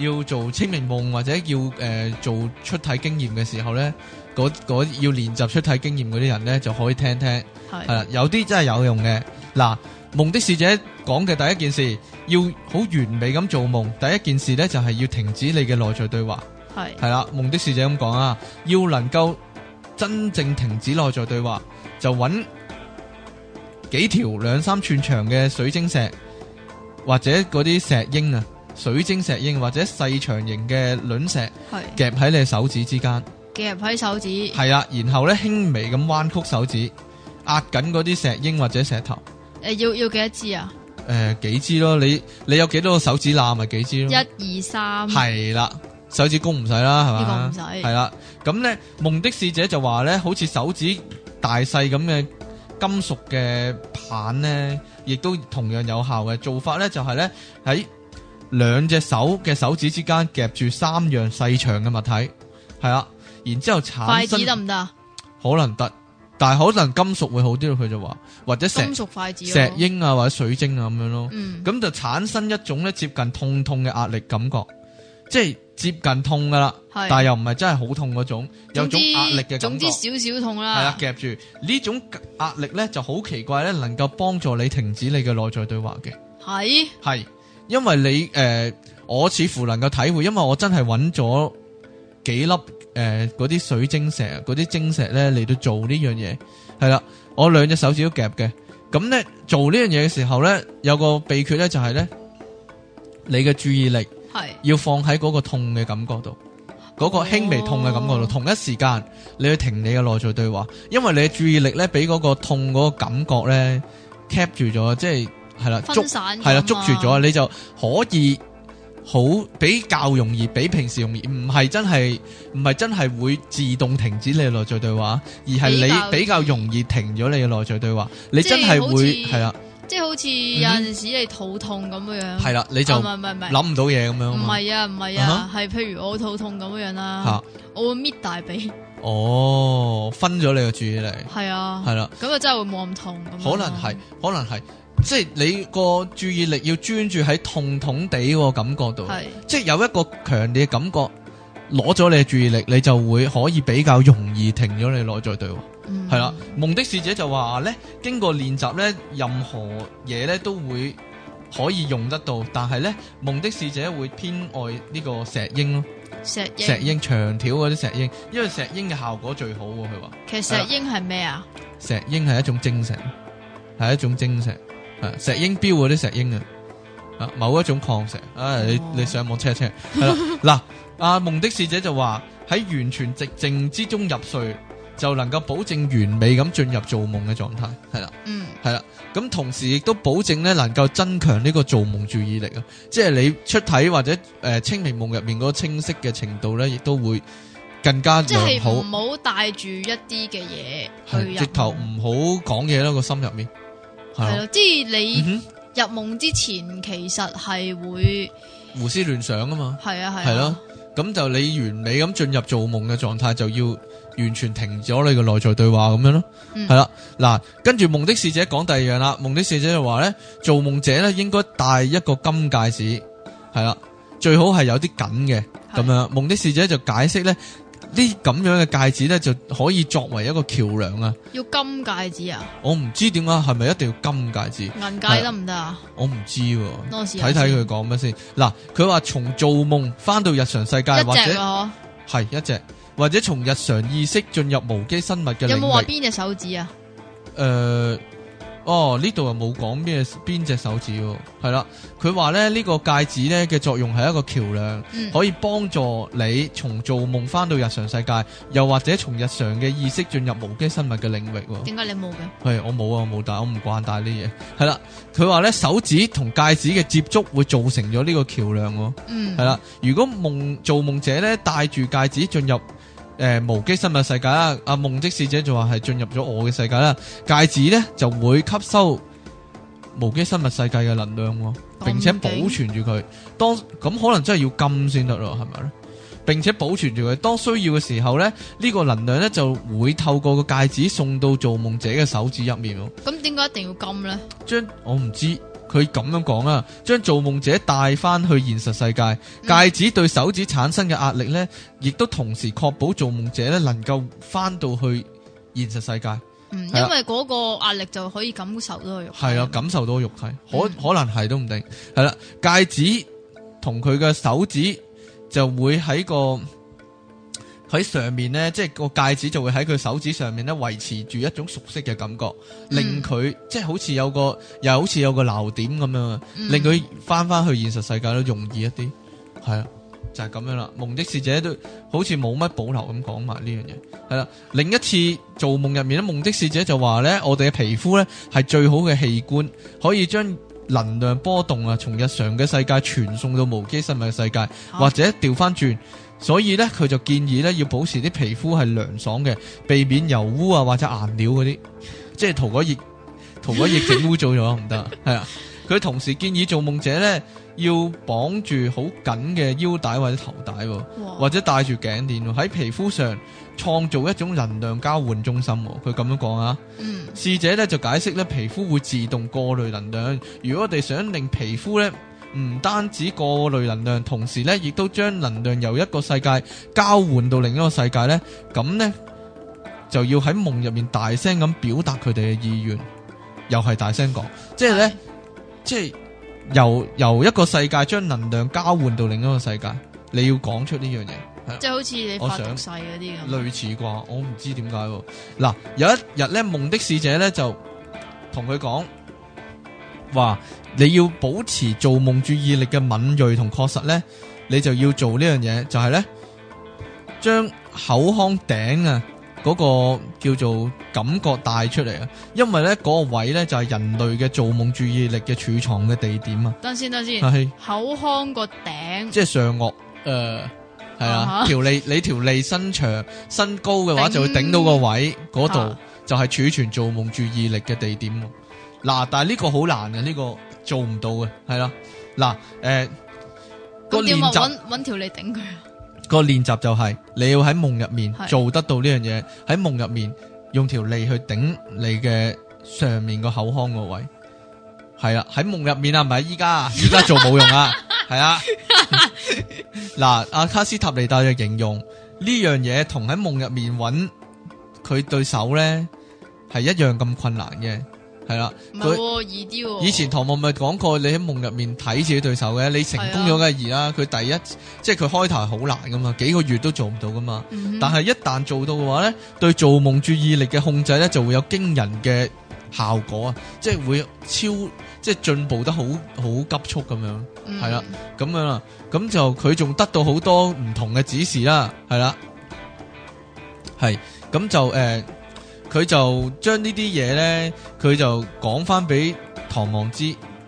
要做清明夢或者要、呃、做出體經驗嘅時候呢，要練習出體經驗嗰啲人呢，就可以聽聽，係啦的，有啲真係有用嘅。嗱，夢的使者講嘅第一件事，要好完美咁做夢。第一件事呢，就係、是、要停止你嘅內在對話，係啦的。夢的使者咁講啊，要能夠真正停止內在對話，就揾幾條兩三寸長嘅水晶石或者嗰啲石英啊。水晶石英或者細長型嘅卵石，夾喺你手指之間，夾喺手指，係啦，然後咧，輕微咁彎曲手指，壓緊嗰啲石英或者石頭。誒，要要幾多支啊？誒、呃，幾支咯？你你有幾多個手指罅咪幾支咯？一二三，係啦，手指公唔使啦，係嘛？呢個唔使，係啦。咁咧，夢的使者就話咧，好似手指大細咁嘅金屬嘅棒咧，亦都同樣有效嘅做法咧，就係咧喺。兩隻手嘅手指之間夾住三樣細長嘅物體，係啊，然之後產生筷子得唔得？可能得，但係可能金屬會好啲咯。佢就話或者金屬筷子，石英啊或者水晶啊咁樣咯。咁、嗯、就產生一種咧接近痛痛嘅壓力感覺，即係接近痛㗎啦，是但係又唔係真係好痛嗰種，有種壓力嘅感覺。總之，少少痛啦。係啊，夾住呢種壓力咧就好奇怪咧，能夠幫助你停止你嘅內在對話嘅。係係是。因為你誒、呃，我似乎能夠體會，因為我真係揾咗幾粒誒嗰啲水晶石，嗰啲晶石咧嚟到做呢樣嘢，係啦，我兩隻手指都夾嘅。咁咧做呢樣嘢嘅時候咧，有個秘訣咧就係咧，你嘅注意力係要放喺嗰個痛嘅感覺度，嗰是個輕微痛嘅感覺度。哦、同一時間你要停你嘅內在對話，因為你嘅注意力咧俾嗰個痛嗰個感覺咧 cap 住咗，即係。係啦，捉，係啦，捉住咗，你就可以好比較容易，比平時容易，唔係真係唔係真係會自動停止你嘅內在對話，而係你比較容易停咗你嘅內在對話，你真係會係啊，即係好似有陣時你肚痛咁樣樣，係啦，你就唔係唔係諗唔到嘢咁樣，唔係啊唔係啊，係譬如我肚痛咁樣樣啦，我會搣大髀，哦，分咗你嘅注意力，係啊，係啦，咁啊真係會冇咁痛，可能係，可能係。即係你個注意力要專注喺痛痛地個感覺度，是即係有一個強烈嘅感覺攞咗你嘅注意力，你就會可以比較容易停咗你內在對話，嗯，係啦。夢的使者就話呢經過練習呢任何嘢呢都會可以用得到，但係呢，夢的使者會偏愛呢個石英咯，石石英，石英長條嗰啲石英，因為石英嘅效果最好。佢話其實石英係咩啊？石英係一種精神，係一種精神。」啊、石英表嗰啲石英啊，啊某一種礦石啊，你你上網 check 一 check 嗱，阿夢、哦、的使、 啊、者就話喺完全寂靜之中入睡，就能夠保證完美咁進入做夢嘅狀態，係啦，嗯，係啦，咁同時亦都保證咧能夠增強呢個做夢注意力啊，即、就、係、是、你出體或者誒、呃、清明夢入面嗰個清晰嘅程度咧，亦都會更加良好。唔好帶住一啲嘅嘢去，直頭唔好講嘢咯，嗯、個心入面。係咯，即係你入夢之前，其實係會胡思亂想啊嘛。係啊，係。係咯，咁就你完美咁進入做夢嘅狀態，就要完全停咗你嘅內在對話咁樣咯。係啦，嗱，跟住夢的使者講第二樣啦。夢的使者就話咧，做夢者咧應該戴一個金戒指，係啦，最好係有啲緊嘅咁樣。夢的使者就解釋咧。呢咁樣嘅戒指咧，就可以作為一個橋樑啊！要金戒指啊！我唔知點解係咪一定要金戒指？銀戒得唔得啊？我唔知，啊，睇睇佢講咩先。嗱，啊，佢話從做夢翻到日常世界，一隻或者係，啊、一隻，或者從日常意識進入無機生物嘅。有冇話邊隻手指啊？誒，呃。哦，呢度又冇講咩邊隻手指喎、啊，係啦，佢話咧呢、這個戒指咧嘅作用係一個橋梁，嗯、可以幫助你從做夢翻到日常世界，又或者從日常嘅意識進入無機生物嘅領域。點解你冇嘅？係我冇啊，我冇戴，我唔慣戴呢嘢。係啦，佢話咧手指同戒指嘅接觸會造成咗呢個橋梁、啊。嗯，係啦，如果夢做夢者咧帶住戒指進入。誒，無機生物世界啦，阿夢的使者就話係進入咗我嘅世界啦，戒指咧就會吸收無機生物世界嘅能量喎，並且保存住佢。當咁可能真係要金先得咯，係咪咧？並且保存住佢，當需要嘅時候咧，呢個能量咧就會透過個戒指送到做夢者嘅手指入面咯。咁點解一定要金咧？將我唔知。佢咁樣講啊，將做夢者帶翻去現實世界，戒指對手指產生嘅壓力呢，亦都同時確保做夢者呢能夠翻到去現實世界。嗯，因為嗰個壓力就可以感受到肉體，係啦、啊，感受到肉體、嗯，可可能係都唔定。係啦、啊，戒指同佢嘅手指就會喺個。喺上面呢，即係個戒指就會喺佢手指上面咧維持住一種熟悉嘅感覺，嗯、令佢即係好似有個，又好似有個錨點咁樣，嗯、令佢翻翻去現實世界都容易一啲。係啊，就係、是、咁樣啦。夢的使者都好似冇乜保留咁講埋呢樣嘢。係啦，另一次做夢入面咧，夢的使者就話呢，我哋嘅皮膚呢係最好嘅器官，可以將能量波動啊，從日常嘅世界傳送到無機生物嘅世界，啊、或者調翻轉。所以咧，佢就建議咧要保持啲皮膚係涼爽嘅，避免油污啊或者顏料嗰啲，即係塗嗰液塗嗰液整污糟咗唔得，係 啊！佢同時建議做夢者咧要綁住好緊嘅腰帶或者頭帶喎，哇或者戴住頸鏈喎，喺皮膚上創造一種能量交換中心。佢咁樣講啊，侍、嗯、者咧就解釋咧皮膚會自動過濾能量，如果我哋想令皮膚咧。唔單止過濾能量，同時咧亦都將能量由一個世界交換到另一個世界咧，咁呢，就要喺夢入面大聲咁表達佢哋嘅意願，又係大聲講，即係咧，是即係由由一個世界將能量交換到另一個世界，你要講出呢樣嘢，即係好似你發毒誓嗰啲咁，想類似啩，我唔知點解喎。嗱，有一日咧，夢的使者咧就同佢講。話你要保持做夢注意力嘅敏銳同確實呢，你就要做呢樣嘢，就係、是、呢：將口腔頂啊嗰、那個叫做感覺帶出嚟啊，因為呢嗰、那個位呢，就係、是、人類嘅做夢注意力嘅儲藏嘅地點啊。等先，等先，是口腔個頂，即係上顎。誒、呃，係啊，條脷、啊哈，你條脷身長身高嘅話，就會頂到個位嗰度，就係儲存做夢注意力嘅地點、啊。嗱，但係呢個好難嘅，呢、這個做唔到嘅，係啦。嗱，誒、呃，嗯、個練習揾條脷頂佢。個練習就係、是、你要喺夢入面做得到呢樣嘢，喺夢入面用條脷去頂你嘅上面個口腔個位。係 是啊，喺夢入面啊，唔係依家，依家做冇用啊，係啊。嗱，阿卡斯塔尼達嘅形容呢樣嘢同喺夢入面揾佢對手咧係一樣咁困難嘅。係啦，不以前唐夢咪講過，你喺夢入面睇自己對手嘅，了你成功咗梗係易啦。佢第一，即係佢開頭係好難噶嘛，幾個月都做唔到噶嘛。嗯、哼但係一旦做到嘅話咧，對做夢注意力嘅控制咧，就會有驚人嘅效果啊！即係會超，即係進步得好好急速咁、嗯、樣，係啦，咁樣啦，咁就佢仲得到好多唔同嘅指示啦，係啦，係咁就誒。呃佢就將呢啲嘢呢，佢就講翻俾唐望知，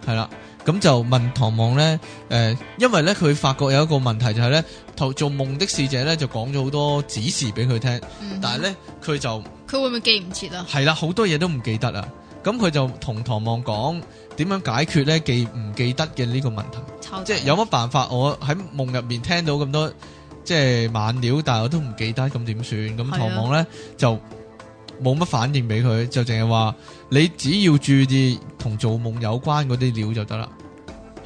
係啦，咁就問唐望呢，誒、呃，因為呢，佢發覺有一個問題就係呢頭做夢的使者呢，就講咗好多指示俾佢聽，嗯、哼但係呢，佢就，佢會唔會記唔切啊？係啦，好多嘢都唔記得啊，咁佢就同唐望講點樣解決呢記唔記得嘅呢個問題，即係有乜辦法？我喺夢入面聽到咁多即係猛料，但係我都唔記得，咁點算？咁唐望呢，的就。冇乜反應俾佢，就淨係話你只要注意同做夢有關嗰啲料就得啦，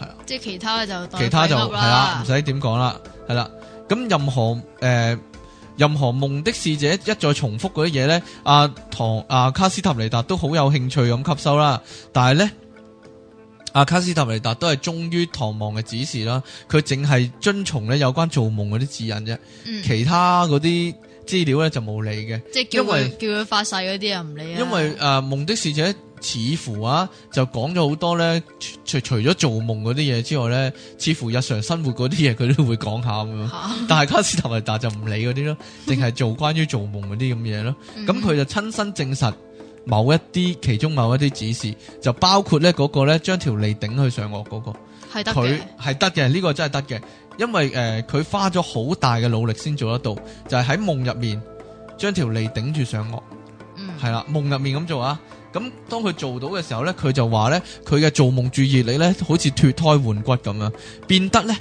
係即係其他就他其他就係啦，唔使點講啦，係啦。咁、啊、任何誒、呃、任何夢的使者一再重複嗰啲嘢咧，阿、啊、唐、啊、卡斯塔尼達都好有興趣咁吸收啦。但係咧，阿、啊、卡斯塔尼達都係忠於唐望嘅指示啦，佢淨係遵從咧有關做夢嗰啲指引啫，嗯、其他嗰啲資料咧就冇理嘅，即叫佢為發誓嗰啲啊唔理啊。因為誒夢、呃、的使者似乎啊就講咗好多咧，除除咗做夢嗰啲嘢之外咧，似乎日常生活嗰啲嘢佢都會講下咁樣。啊、但係卡斯達維達就唔理嗰啲咯，淨係做關於做夢嗰啲咁嘢咯。咁佢 就親身證實某一啲其中某一啲指示，就包括咧嗰個咧將條脷頂去上顎嗰、那個。佢係得嘅，呢、這個真係得嘅，因為誒，佢、呃、花咗好大嘅努力先做得到，就係喺夢入面將條脷頂住上顎，係啦、嗯，夢入面咁做啊，咁當佢做到嘅時候呢，佢就話呢，佢嘅做夢注意力呢，好似脫胎換骨咁樣，變得呢，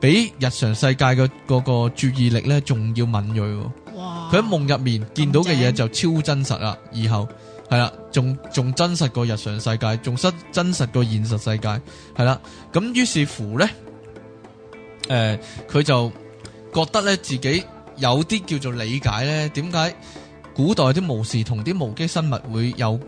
比日常世界嘅嗰個注意力呢仲要敏銳喎，佢喺夢入面見到嘅嘢棒就超真實喇，以後。係啦，仲仲真實過日常世界，仲失真實過現實世界，係啦。咁於是乎呢，誒、呃，佢就覺得呢自己有啲叫做理解呢，點解古代啲巫師同啲無機生物會有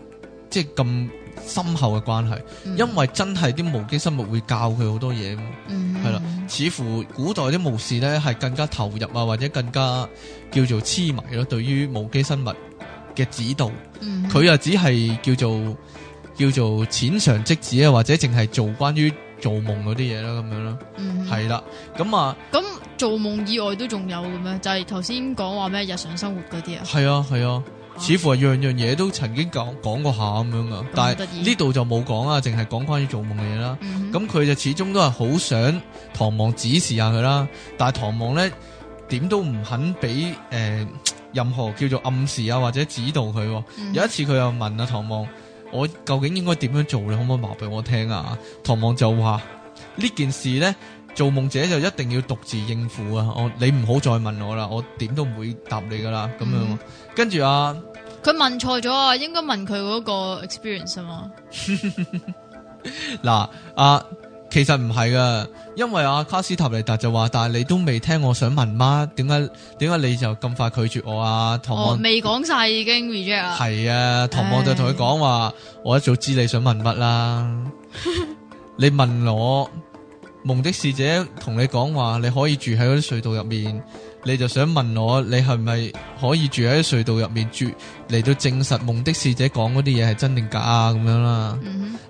即係咁深厚嘅關係？嗯、因為真係啲無機生物會教佢好多嘢，係啦、嗯嗯。似乎古代啲巫師呢係更加投入啊，或者更加叫做痴迷咯，對於無機生物。嘅指導，佢又、嗯、哼只係叫做叫做淺嘗即止啊，或者淨係做關於做夢嗰啲嘢啦，咁樣咯，係啦、嗯哼，咁啊，咁做夢以外都仲有咁咩？就係頭先講話咩日常生活嗰啲啊，係啊係啊，似乎係樣樣嘢都曾經講講過下咁樣噶，但係呢度就冇講啊，淨係講關於做夢嘅嘢啦。咁佢、嗯、哼就始終都係好想唐望指示下佢啦，但係唐望咧點都唔肯俾誒。呃任何叫做暗示啊或者指導佢，啊、嗯、有一次佢又問阿、啊、唐望，我究竟應該點樣做，你可唔可以話俾我聽啊？唐望就話呢件事咧，做夢者就一定要獨自應付啊！我你唔好再問我啦，我點都唔會答你噶啦咁樣。嗯、跟住啊，佢問錯咗啊，應該問佢嗰個 experience 啊嘛。嗱，阿。其實唔係噶，因為阿卡斯塔尼達就話，但係你都未聽，我想問嗎？點解點解你就咁快拒絕我啊？唐望，我未講晒已經 reject 啊。係啊，唐望唉就同佢講話，我一早知你想問乜啦。 你問我夢的使者同你講話，你可以住喺嗰啲隧道入面。你就想問我，你係咪可以住喺隧道入面住嚟到證實夢的使者講嗰啲嘢係真定假啊？咁樣啦，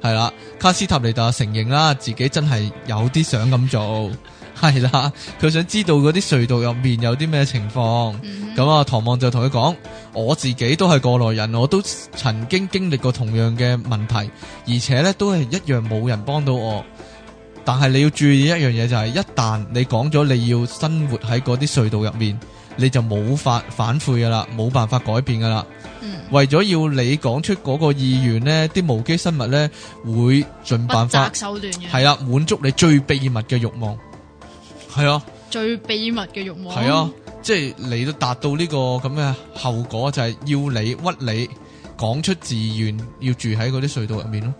係啦、mm hmm.，卡斯塔尼達承認啦，自己真係有啲想咁做，係啦， 佢想知道嗰啲隧道入面有啲咩情況，咁啊、mm hmm.，唐望就同佢講，我自己都係過來人，我都曾經經歷過同樣嘅問題，而且呢都係一樣冇人幫到我。但係你要注意一樣嘢，就係一旦你講咗你要生活喺嗰啲隧道入面，你就冇法反悔噶啦，冇辦法改變噶啦。嗯、為咗要你講出嗰個意願呢，啲無機生物呢會盡辦法係啦，滿足你最秘密嘅欲望。係、嗯、啊，最秘密嘅欲望係啊，即係嚟到達到呢個咁嘅後果，就係要你屈你講出自願要住喺嗰啲隧道入面咯。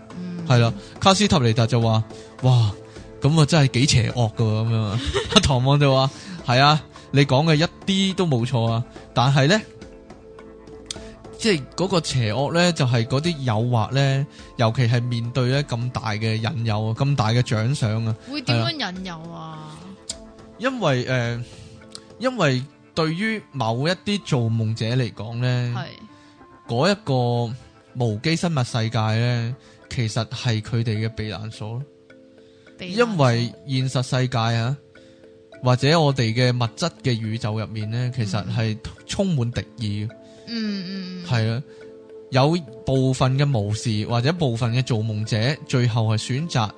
係啦、嗯啊，卡斯塔尼達就話：，哇！咁啊，我真係幾邪惡噶咁樣啊！ 唐望就話：係啊，你講嘅一啲都冇錯啊。但係咧，即係嗰個邪惡咧，就係嗰啲誘惑咧，尤其係面對咧咁大嘅引誘啊，咁大嘅獎賞啊！會點樣引誘啊？因為誒、呃，因為對於某一啲做夢者嚟講咧，嗰的一個無機生物世界咧，其實係佢哋嘅避難所。因為現實世界呀，或者我哋嘅物質嘅宇宙入面呢，其實係充滿敵意嘅，嗯嗯，係啊，有部分嘅無視，或者部分嘅做夢者，最後係選擇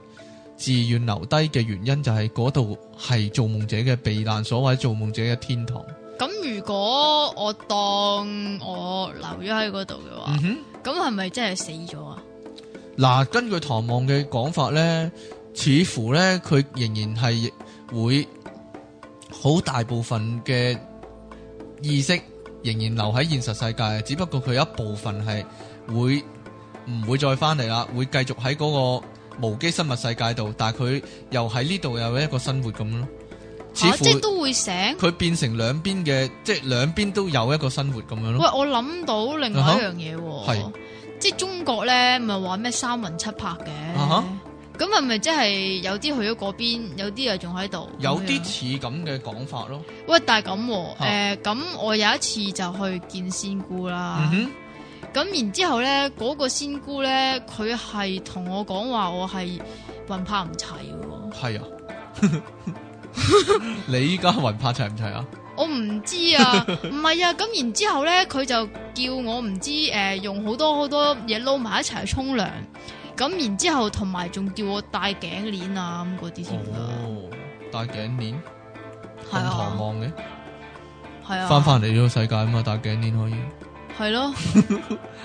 自願留低嘅原因，就係嗰度係做夢者嘅避難所，或者做夢者嘅天堂。咁、嗯嗯、如果我當我留咗喺嗰度嘅話，咁係咪真係死咗啊？嗱，根據唐望嘅講法呢。似乎咧，佢仍然係會好大部分嘅意識仍然留喺現實世界，只不過佢一部分係會唔會再翻嚟啦？會繼續喺嗰個無機生物世界度，但係佢又喺呢度有一個生活咁樣咯。吓、啊，即都會醒。佢變成兩邊嘅，即係兩邊都有一個生活咁樣咯。喂，我諗到另外一樣嘢，uh huh? 即係中國咧，唔係話咩三魂七魄嘅。Uh huh? 咁係咪即係有啲去咗嗰邊，有啲又仲喺度？有啲似咁嘅講法咯。喂，但係咁，誒、啊，咁、呃、我有一次就去見仙姑啦。咁、嗯、哼然之後咧，嗰、那個仙姑咧，佢係同我講話，我係魂魄唔齊喎。係啊， 你依家魂魄齊唔齊啊？我唔知啊，唔係啊。咁然之後咧，佢就叫我唔知誒、呃，用好多好多嘢撈埋一齊去沖涼。咁然之後，同埋仲叫我戴頸鏈啊咁嗰啲添啦。戴頸鏈係啊，望嘅係啊，翻翻嚟呢個世界啊嘛，戴頸鏈可以係咯。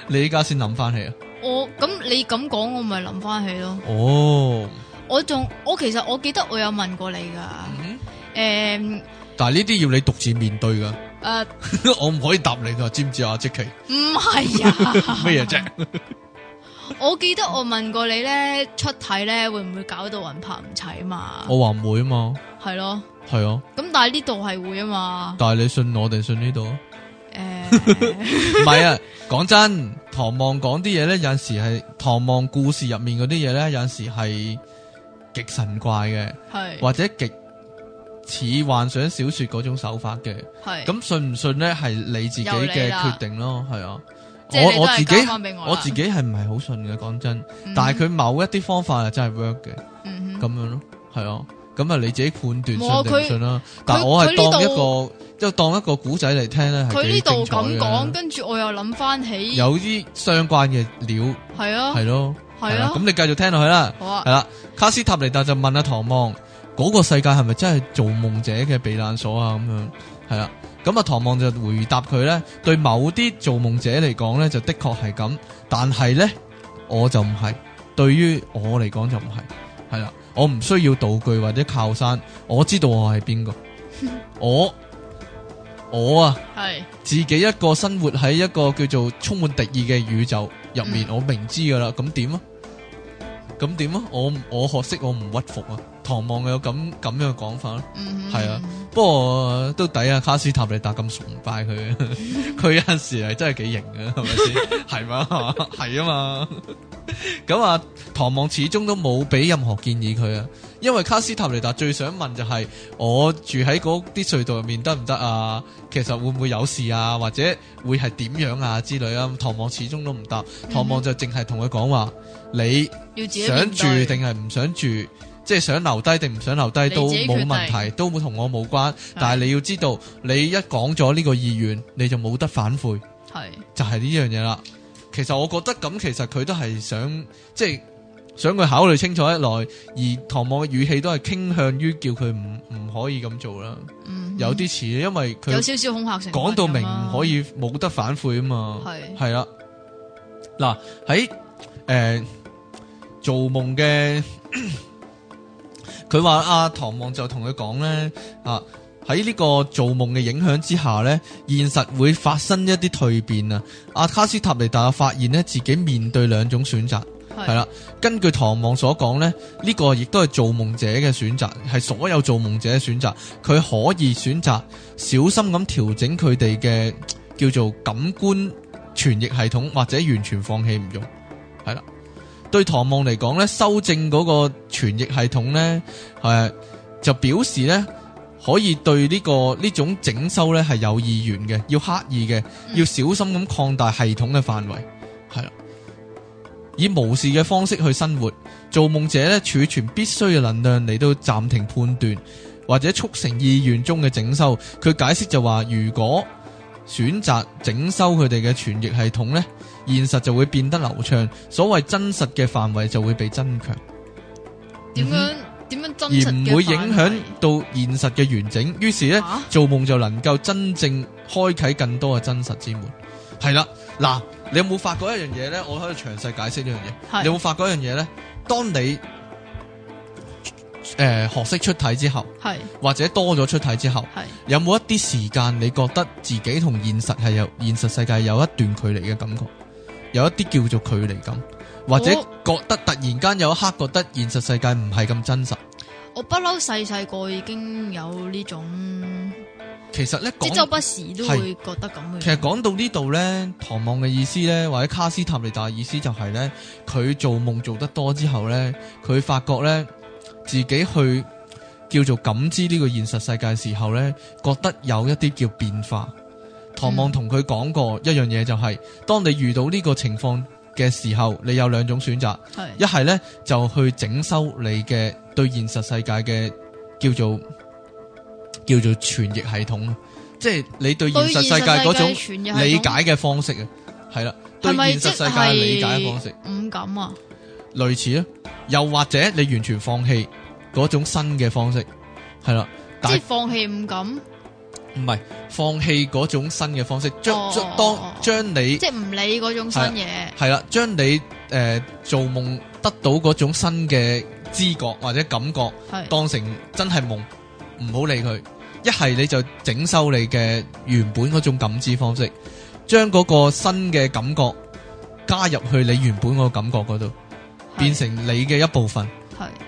你依家先諗翻起啊？ 起我咁你咁講，我咪諗翻起咯。哦，我仲我其實我記得我有問過你噶，誒、嗯，嗯、但係呢啲要你獨自面對噶。誒、啊， 我唔可以答你噶，知唔知啊？即奇，唔係啊？咩嘢啫？我記得我問過你咧，出體咧會唔會搞到魂魄唔齊嘛？我話唔會啊嘛，係咯，係啊。咁但係呢度係會啊嘛。但係你信我定信呢度？誒、欸，唔係 啊。講真，唐望講啲嘢咧，有陣時係唐望故事入面嗰啲嘢咧，有陣時係極神怪嘅，係是或者極似幻想小說嗰種手法嘅，係是。咁信唔信咧，係你自己嘅決定咯，係啊。我我自己係唔係好信嘅，講真。但係佢某一啲方法係真係 work 嘅，咁樣咯，係啊。咁啊你自己判斷信定唔信啦。但我係當一個，就當一個古仔嚟聽咧，係幾精彩嘅。佢呢度咁講，跟住我又諗翻起有啲相關嘅料，係啊，係咯，係啊。咁你繼續聽落去啦，係啦。卡斯塔尼達就問阿唐望嗰個世界係咪真係做夢者嘅避難所啊？咁樣係啦。咁啊，唐望就回答佢呢，對某啲做夢者嚟講呢，就的確係咁，但係呢，我就唔係。對於我嚟講就唔係，係啦，我唔需要道具或者靠山，我知道我係邊個， 我，我啊，係是自己一個生活喺一個叫做充滿敵意嘅宇宙入面，嗯、我明知噶啦，咁點啊？咁點啊？我我學識我唔屈服啊！唐望有咁咁樣嘅講法咯，係、mm hmm. 啊，不過都抵啊！卡斯塔尼達咁崇拜佢，佢、mm hmm. 有陣時係真係幾型嘅，係咪先？係 是嗎 的嘛，係啊嘛，咁啊，唐望始終都冇俾任何建議佢啊，因為卡斯塔尼達最想問就係、是、我住喺嗰啲隧道入面得唔得啊？其實會唔會有事啊？或者會係點樣啊之類啊？唐望始終都唔答，mm hmm. 唐望就淨係同佢講話，你想住定係唔想住？即係想留低定唔想留低都冇問題，都冇同我冇關。是但係你要知道，你一講咗呢個意願，你就冇得反悔。係是就係呢樣嘢啦。其實我覺得咁，其實佢都係想，即係想佢考慮清楚一耐。而唐望嘅語氣都係傾向於叫佢唔唔可以咁做啦。嗯、哼有啲似，因為佢有少少恐嚇性。講到明，明，可以冇得反悔啊嘛。係係啦。嗱喺誒做夢嘅。 佢話阿唐望就同佢講呢啊，喺呢個做夢嘅影響之下呢現實會發生一啲蛻變啊！阿卡斯塔尼達發現呢，自己面對兩種選擇，係啦是，根據唐望所講呢，呢個亦都係做夢者嘅選擇，係所有做夢者嘅選擇，佢可以選擇小心咁調整佢哋嘅叫做感官傳譯系統，或者完全放棄唔用，係啦。對唐望嚟講咧，修正嗰個傳譯系統咧，就表示咧可以對呢、這個呢種整修咧係有意願嘅，要刻意嘅，要小心咁擴大系統嘅範圍，係啦，以無視嘅方式去生活，做夢者咧儲存必須嘅能量嚟到暫停判斷或者促成意願中嘅整修。佢解釋就話，如果選擇整修佢哋嘅傳譯系統咧，現實就會變得流暢，所謂真實嘅範圍就會被增強。點樣點、嗯、樣真實而唔會影響到現實嘅完整？於是呢，啊、做夢就能夠真正開啟更多嘅真實之門。係啦，嗱，你有冇發覺一樣嘢呢？我可以詳細解釋呢樣嘢。是你有冇發覺一樣嘢呢？當你誒、呃、學識出體之後，是或者多咗出體之後，係是有冇一啲時間，你覺得自己同現實係有現實世界有一段距離嘅感覺？有一啲叫做距離感，或者覺得我突然間有一刻覺得現實世界唔係咁真實。我不嬲細細個已經有呢種，其實咧，即周不時都會覺得咁。其實講到這裡呢度咧，唐望嘅意思咧，或者卡斯塔尼達嘅意思就係咧，佢做夢做得多之後咧，佢發覺咧自己去叫做感知呢個現實世界嘅時候咧，覺得有一啲叫變化。唐望同佢講過一樣嘢，就是，就係、嗯，當你遇到呢個情況嘅時候，你有兩種選擇，是一係咧就去整修你嘅對現實世界嘅叫做叫做傳譯系統，即係你對現實世界嗰種理解嘅方式啊，係啦，對現實世界理解嘅方式唔敢啊，類似啊，又或者你完全放棄嗰種新嘅方式，係啦，即係放棄唔敢。唔係放棄嗰種新嘅方式，將、哦、當將你即係唔理嗰種新嘢，係啦，將你誒、呃、做夢得到嗰種新嘅知覺或者感覺，的當成真係夢，唔好理佢。一係你就整修你嘅原本嗰種感知方式，將嗰個新嘅感覺加入去你原本個感覺嗰度，的變成你嘅一部分。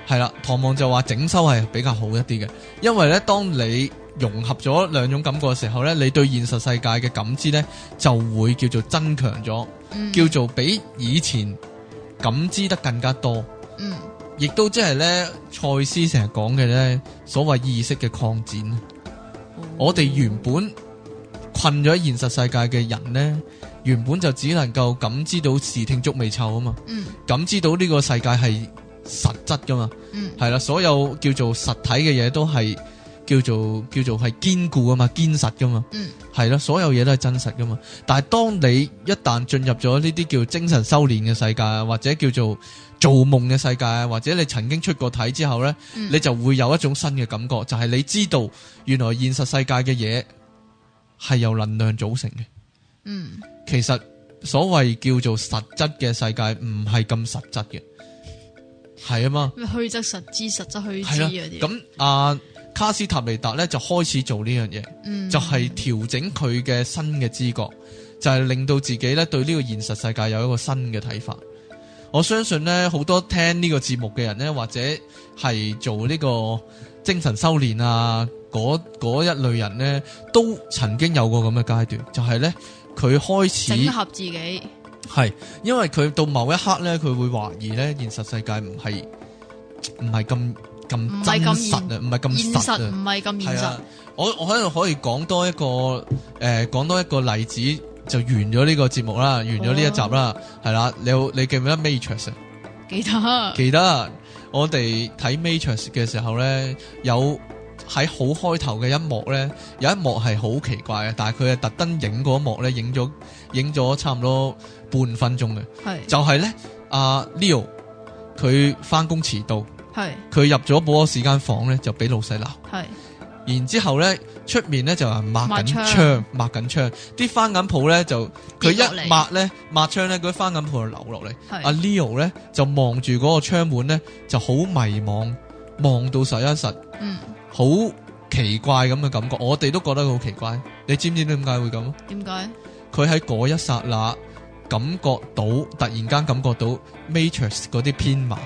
係係啦，唐望就話整修係比較好一啲嘅，因為呢當你，融合咗兩種感覺嘅時候咧，你對現實世界嘅感知咧就會叫做增強咗，嗯、叫做比以前感知得更加多。嗯，亦都即係咧，賽斯成日講嘅咧，所謂意識嘅擴展。嗯、我哋原本困咗喺現實世界嘅人咧，原本就只能夠感知到視聽足未臭啊嘛。嗯，感知到呢個世界係實質噶嘛。嗯，係啦，所有叫做實體嘅嘢都係。叫做叫做係堅固啊嘛，堅實噶嘛，係咯、嗯，所有嘢都係真實噶嘛。但係當你一旦進入咗呢啲叫精神修煉嘅世界，或者叫做做夢嘅世界，或者你曾經出過體之後咧，嗯、你就會有一種新嘅感覺，就係、是、你知道原來現實世界嘅嘢係由能量組成嘅。嗯，其實所謂叫做實質嘅世界唔係咁實質嘅，係啊嘛，虛則實之，實則虛之嗰啲咁阿。卡斯塔尼達咧就開始做呢樣嘢，嗯、就係調整佢嘅新嘅知覺，就係、是、令到自己咧對呢個現實世界有一個新嘅睇法。我相信咧好多聽呢個節目嘅人咧，或者係做呢個精神修煉啊，嗰一類人咧，都曾經有過咁嘅階段，就係咧佢開始整合自己，係因為佢到某一刻咧，佢會懷疑咧現實世界唔係唔係咁。唔係咁實啊，唔係咁實啊，唔係咁現實。係啊，我我喺度可以講多一個誒，講、呃、多一個例子就完咗呢個節目啦，完咗呢一集啦，係啦、oh. 啊。你你記唔記得 Matrix 啊？記得記得，我哋睇 Matrix 嘅時候咧，有喺好開頭嘅一幕咧，有一幕係好奇怪嘅，但係佢係特登影嗰一幕咧，影咗影咗差唔多半分鐘嘅，係是就係咧阿 Leo 佢翻工遲到。係佢是入咗保安室間房咧，就俾老細鬧。係，然之後咧，出面咧就係抹緊窗，抹緊窗，啲翻緊鋪咧就佢一抹咧抹窗咧，佢翻緊鋪就流落嚟。阿 Leo 咧就望住嗰個窗門咧，就好迷茫，望到實一實，嗯，好奇怪咁嘅感覺，我哋都覺得好奇怪。你知唔知點解會咁？點解？佢喺嗰一剎那感覺到，突然間感覺到 Matrix 嗰啲編碼。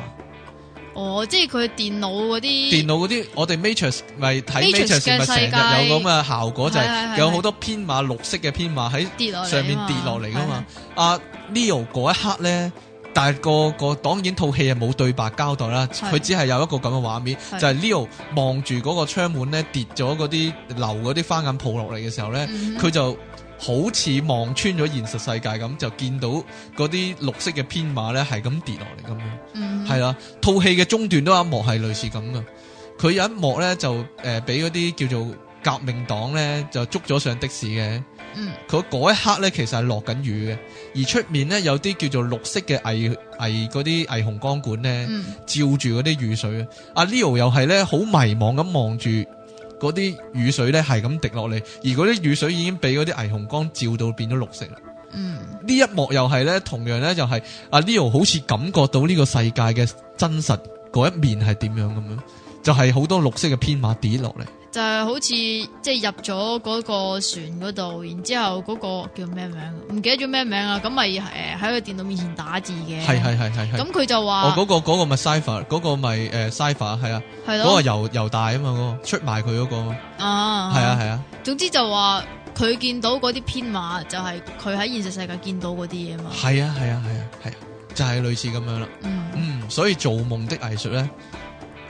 哦，即係佢電腦嗰啲，電腦嗰啲，我哋 Matrix 咪睇 Matrix 咪成日有咁嘅效果，是是是是就係有好多編碼，綠色嘅編碼喺上面跌落嚟噶嘛。啊、uh, Leo 嗰一刻咧，但係、嗰個、嗰個當然套戲係冇對白交代啦，佢是是 只係有一個咁嘅畫面，是是就係 Leo 望住嗰個窗門咧，跌咗嗰啲流嗰啲花眼鋪落嚟嘅時候咧，佢、嗯、就。好似望穿咗現實世界咁，就見到嗰啲綠色嘅編碼咧，係咁跌落嚟咁樣，係啦。套戲嘅中段都有一幕係類似咁噶，佢有一幕咧就誒俾嗰啲叫做革命黨咧就捉咗上的士嘅，佢嗰、嗯、一刻咧，其實係落緊雨嘅，而出面咧有啲叫做綠色嘅霓霓嗰啲霓虹光管咧照住嗰啲雨水，阿、嗯、Leo 又係咧好迷茫咁望住。嗰啲雨水咧，係咁滴落嚟，而嗰啲雨水已經俾嗰啲霓虹光照到變咗綠色啦。嗯，呢一幕又係咧，同樣咧就係、是、阿、啊、Leo 好似感覺到呢個世界嘅真實嗰一面係點樣咁樣，就係、是、好多綠色嘅編碼跌落嚟。就係好似即係入咗嗰個船嗰度，然之後嗰、嗰個叫咩名？唔記得咗咩名啊。咁咪誒喺個電腦面前打字嘅。係係係係。咁佢就話。哦，嗰個嗰個咪 Cypher，嗰個咪誒 Cypher 係啊。嗰的個猶大啊嘛，嗰個出賣佢嗰個。嗰個、啊。係啊係啊。啊啊總之就話佢見到嗰啲編碼，就係佢喺現實世界見到嗰啲嘢嘛。係啊係啊係啊係啊，啊，就係、係、類似咁樣啦。嗯。嗯，所以做夢的藝術咧。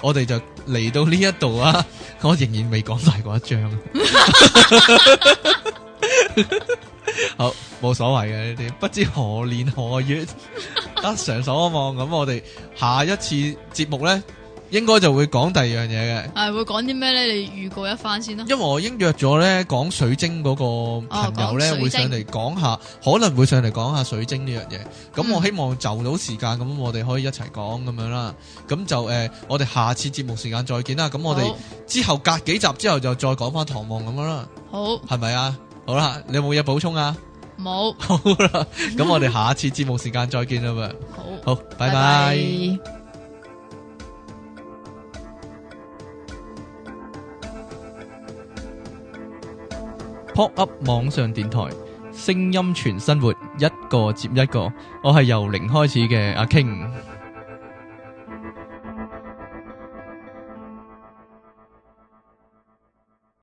我哋就嚟到呢一度啊，我仍然未講大過一章。 好，冇所謂嘅呢啲，不知何年何月 得償所望。咁我哋下一次節目咧。應該就會講第二樣嘢嘅，係會講啲咩呢？你預告一番先啦。因為我已經約咗呢講水晶嗰個朋友呢、啊，講會上嚟講下，可能會上嚟講下水晶呢樣嘢。咁、嗯、我希望就到時間，咁我哋可以一齊講咁樣啦。咁就誒、呃，我哋下次節目時間再見啦。咁我哋之後好隔幾集之後就再講翻唐望咁樣啦。好，係咪啊？好啦，你有冇嘢補充啊？冇沒。好啦，咁我哋下次節目時間再見啦。 好。好，拜拜。Bye bye Pop Up 網上電台，聲音全生活，一個接一個。我係由零開始嘅阿 King。